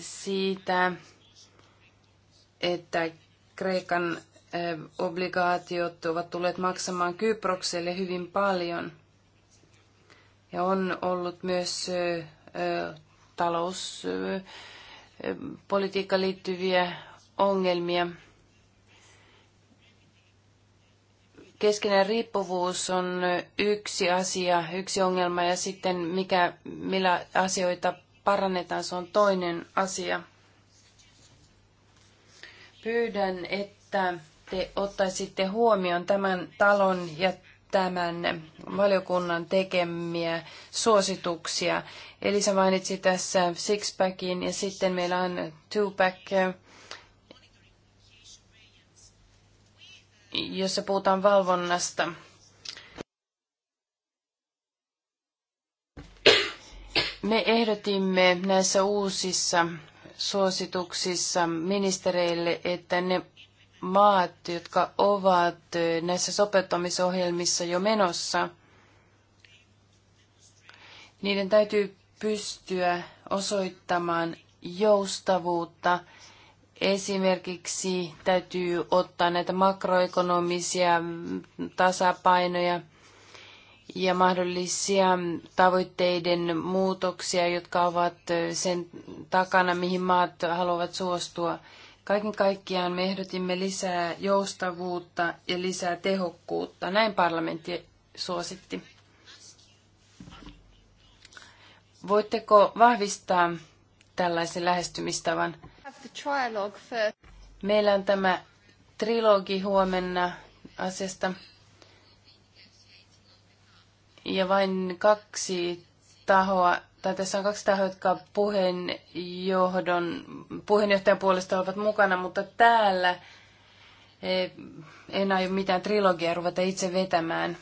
siitä, että Kreikan obligaatiot ovat tulleet maksamaan Kyprokselle hyvin paljon. Ja on ollut myös talouspolitiikkaan liittyviä ongelmia. Keskinäinen riippuvuus on yksi asia, yksi ongelma ja sitten mikä, millä asioita parannetaan, se on toinen asia. Pyydän, että te ottaisitte huomioon tämän talon ja tämän valiokunnan tekemiä suosituksia. Elisa mainitsi tässä sixpackin ja sitten meillä on twopack jossa puhutaan valvonnasta. Me ehdotimme näissä uusissa suosituksissa ministereille, että ne maat, jotka ovat näissä sopeuttamisohjelmissa jo menossa, niiden täytyy pystyä osoittamaan joustavuutta Esimerkiksi täytyy ottaa näitä makroekonomisia tasapainoja ja mahdollisia tavoitteiden muutoksia, jotka ovat sen takana, mihin maat haluavat suostua. Kaiken kaikkiaan me ehdotimme lisää joustavuutta ja lisää tehokkuutta. Näin parlamentti suositti. Voitteko vahvistaa tällaisen lähestymistavan? Meillä on tämä trilogi huomenna asiasta. Ja vain kaksi tahoa, tai tässä on kaksi tahoa, jotka puheenjohdon, puheenjohtajan puolesta ovat mukana, mutta täällä eh, en aio mitään trilogiaa ruveta itse vetämään.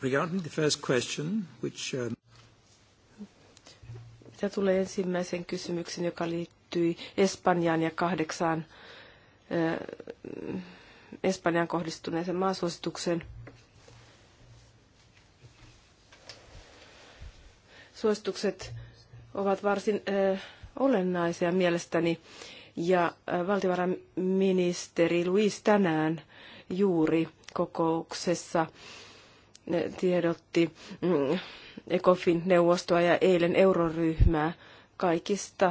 Regarding the first question, which, um, Mitä tulee ensimmäisen kysymyksen, joka liittyy Espanjaan ja kahdeksaan äh, Espanjaan kohdistuneeseen maasuositukseen, suositukset ovat varsin äh, olennaisia mielestäni. Ja äh, valtiovarainministeri Luis tänään juuri kokouksessa tiedotti mm, ECOFIN-neuvostoa ja eilen euroryhmää kaikista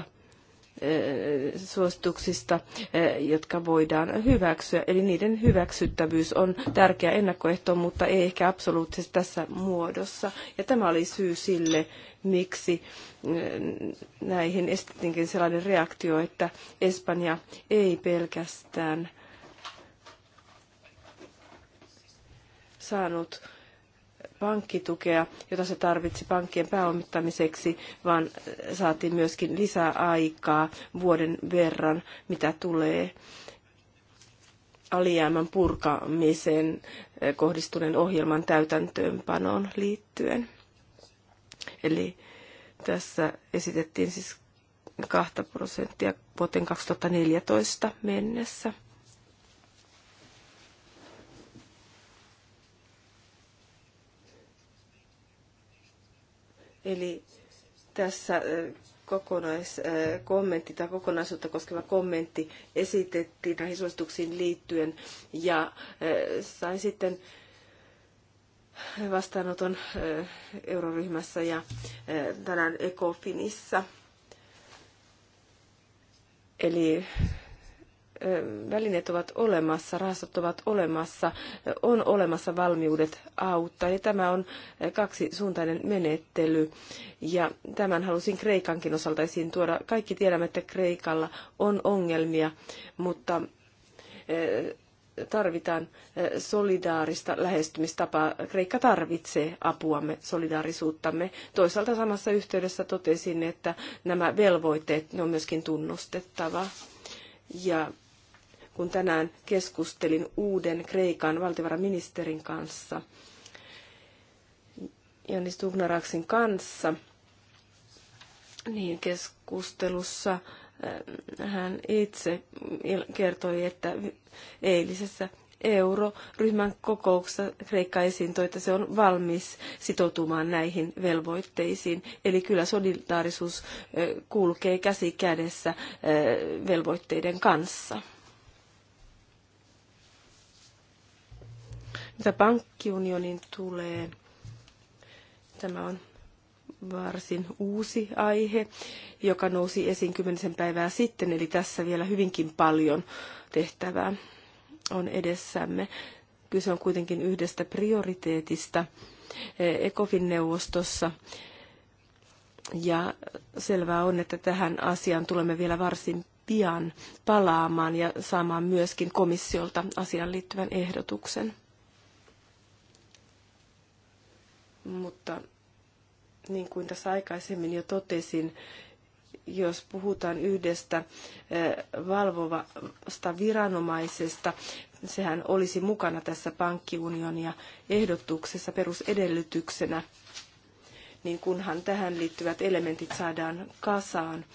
eh, suosituksista, eh, jotka voidaan hyväksyä. Eli niiden hyväksyttävyys on tärkeä ennakkoehto, mutta ei ehkä absoluuttisesti tässä muodossa. Ja tämä oli syy sille, miksi eh, näihin estettiinkin sellainen reaktio, että Espanja ei pelkästään saanut pankkitukea, jota se tarvitsi pankkien pääomittamiseksi, vaan äh, saatiin myöskin lisää aikaa vuoden verran, mitä tulee alijäämän purkamiseen äh, kohdistuneen ohjelman täytäntöönpanoon liittyen. Eli tässä esitettiin siis 2 prosenttia vuoteen 2014 mennessä. Eli tässä kokonaiskommentti tai kokonaisuutta koskeva kommentti esitettiin näihin suosituksiin liittyen ja sain sitten vastaanoton euroryhmässä ja tänään Ecofinissa. Eli välineet ovat olemassa, rahastot ovat olemassa, on olemassa valmiudet auttaa. Eli tämä on kaksisuuntainen menettely. Ja tämän halusin Kreikankin osalta esiin tuoda. Kaikki tiedämme, että Kreikalla on ongelmia, mutta tarvitaan solidaarista lähestymistapaa. Kreikka tarvitsee apuamme, solidaarisuuttamme. Toisaalta samassa yhteydessä totesin, että nämä velvoitteet, ne on myöskin tunnustettava. Ja kun tänään keskustelin uuden Kreikan valtiovarainministerin kanssa, Janis Tugnaraksin kanssa, niin keskustelussa äh, hän itse kertoi, että eilisessä euroryhmän kokouksessa Kreikka esiintyi, että se on valmis sitoutumaan näihin velvoitteisiin. Eli kyllä solidaarisuus äh, kulkee käsi kädessä äh, velvoitteiden kanssa. Mitä pankkiunionin tulee, tämä on varsin uusi aihe, joka nousi esiin kymmenisen päivää sitten, eli tässä vielä hyvinkin paljon tehtävää on edessämme. Kyse on kuitenkin yhdestä prioriteetista eh, ECOFIN-neuvostossa. Ja selvää on, että tähän asiaan tulemme vielä varsin pian palaamaan ja saamaan myöskin komissiolta asiaan liittyvän ehdotuksen. Mutta niin kuin tässä aikaisemmin jo totesin, jos puhutaan yhdestä eh, valvovasta viranomaisesta, sehän olisi mukana tässä pankkiunionia ehdotuksessa perusedellytyksenä, niin kunhan tähän liittyvät elementit saadaan kasaan,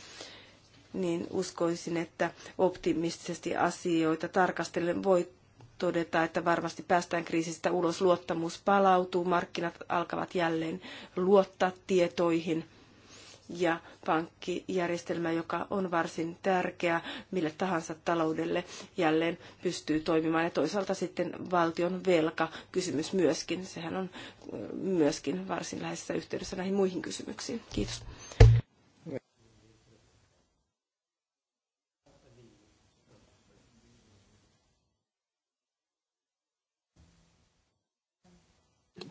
niin uskoisin, että optimistisesti asioita tarkastellen voi todeta, että varmasti päästään kriisistä ulos, luottamus palautuu, markkinat alkavat jälleen luottaa tietoihin ja pankkijärjestelmä, joka on varsin tärkeä mille tahansa taloudelle, jälleen pystyy toimimaan. Ja toisaalta sitten valtion kysymys myöskin, sehän on myöskin varsin läheisessä yhteydessä näihin muihin kysymyksiin. Kiitos.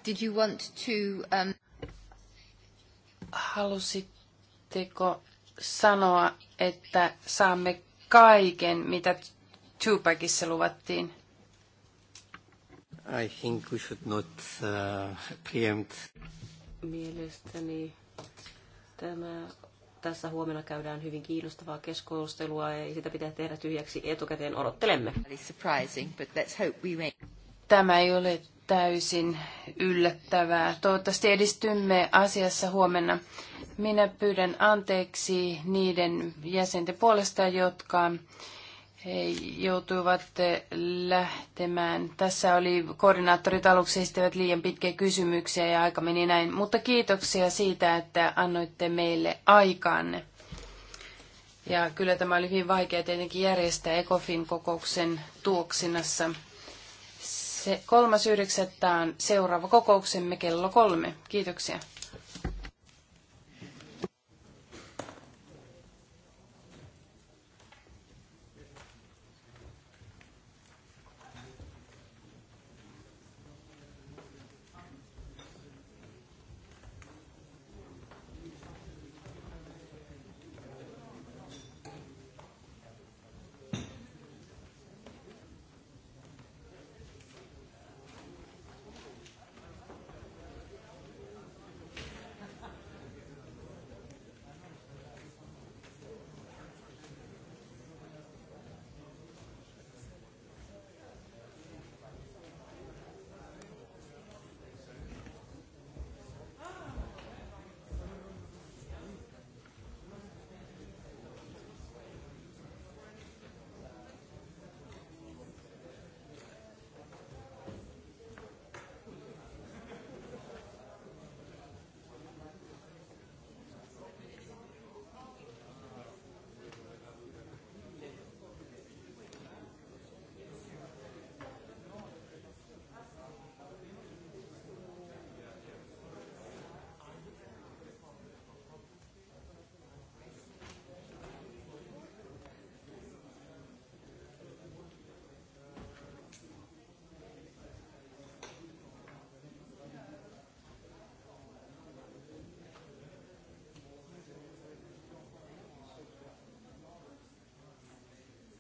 Did you want to, um... Halusitteko sanoa, että saamme kaiken, mitä Tupacissa luvattiin? I think we should not uh, preempt. Mielestäni tämä, tässä huomenna käydään hyvin kiinnostavaa keskustelua ja sitä pitää tehdä tyhjäksi etukäteen odottelemme. Surprising, but let's hope we Tämä ei ole täysin yllättävää. Toivottavasti edistymme asiassa huomenna. Minä pyydän anteeksi niiden jäsenten puolesta, jotka eh, joutuivat eh, lähtemään. Tässä oli koordinaattorit aluksi esittävät liian pitkiä kysymyksiä ja aika meni näin. Mutta kiitoksia siitä, että annoitte meille aikaanne. Ja kyllä tämä oli hyvin vaikea tietenkin järjestää ECOFIN kokouksen tuoksinassa. Se yhdeksättä on seuraava kokouksemme kello kolme. Kiitoksia.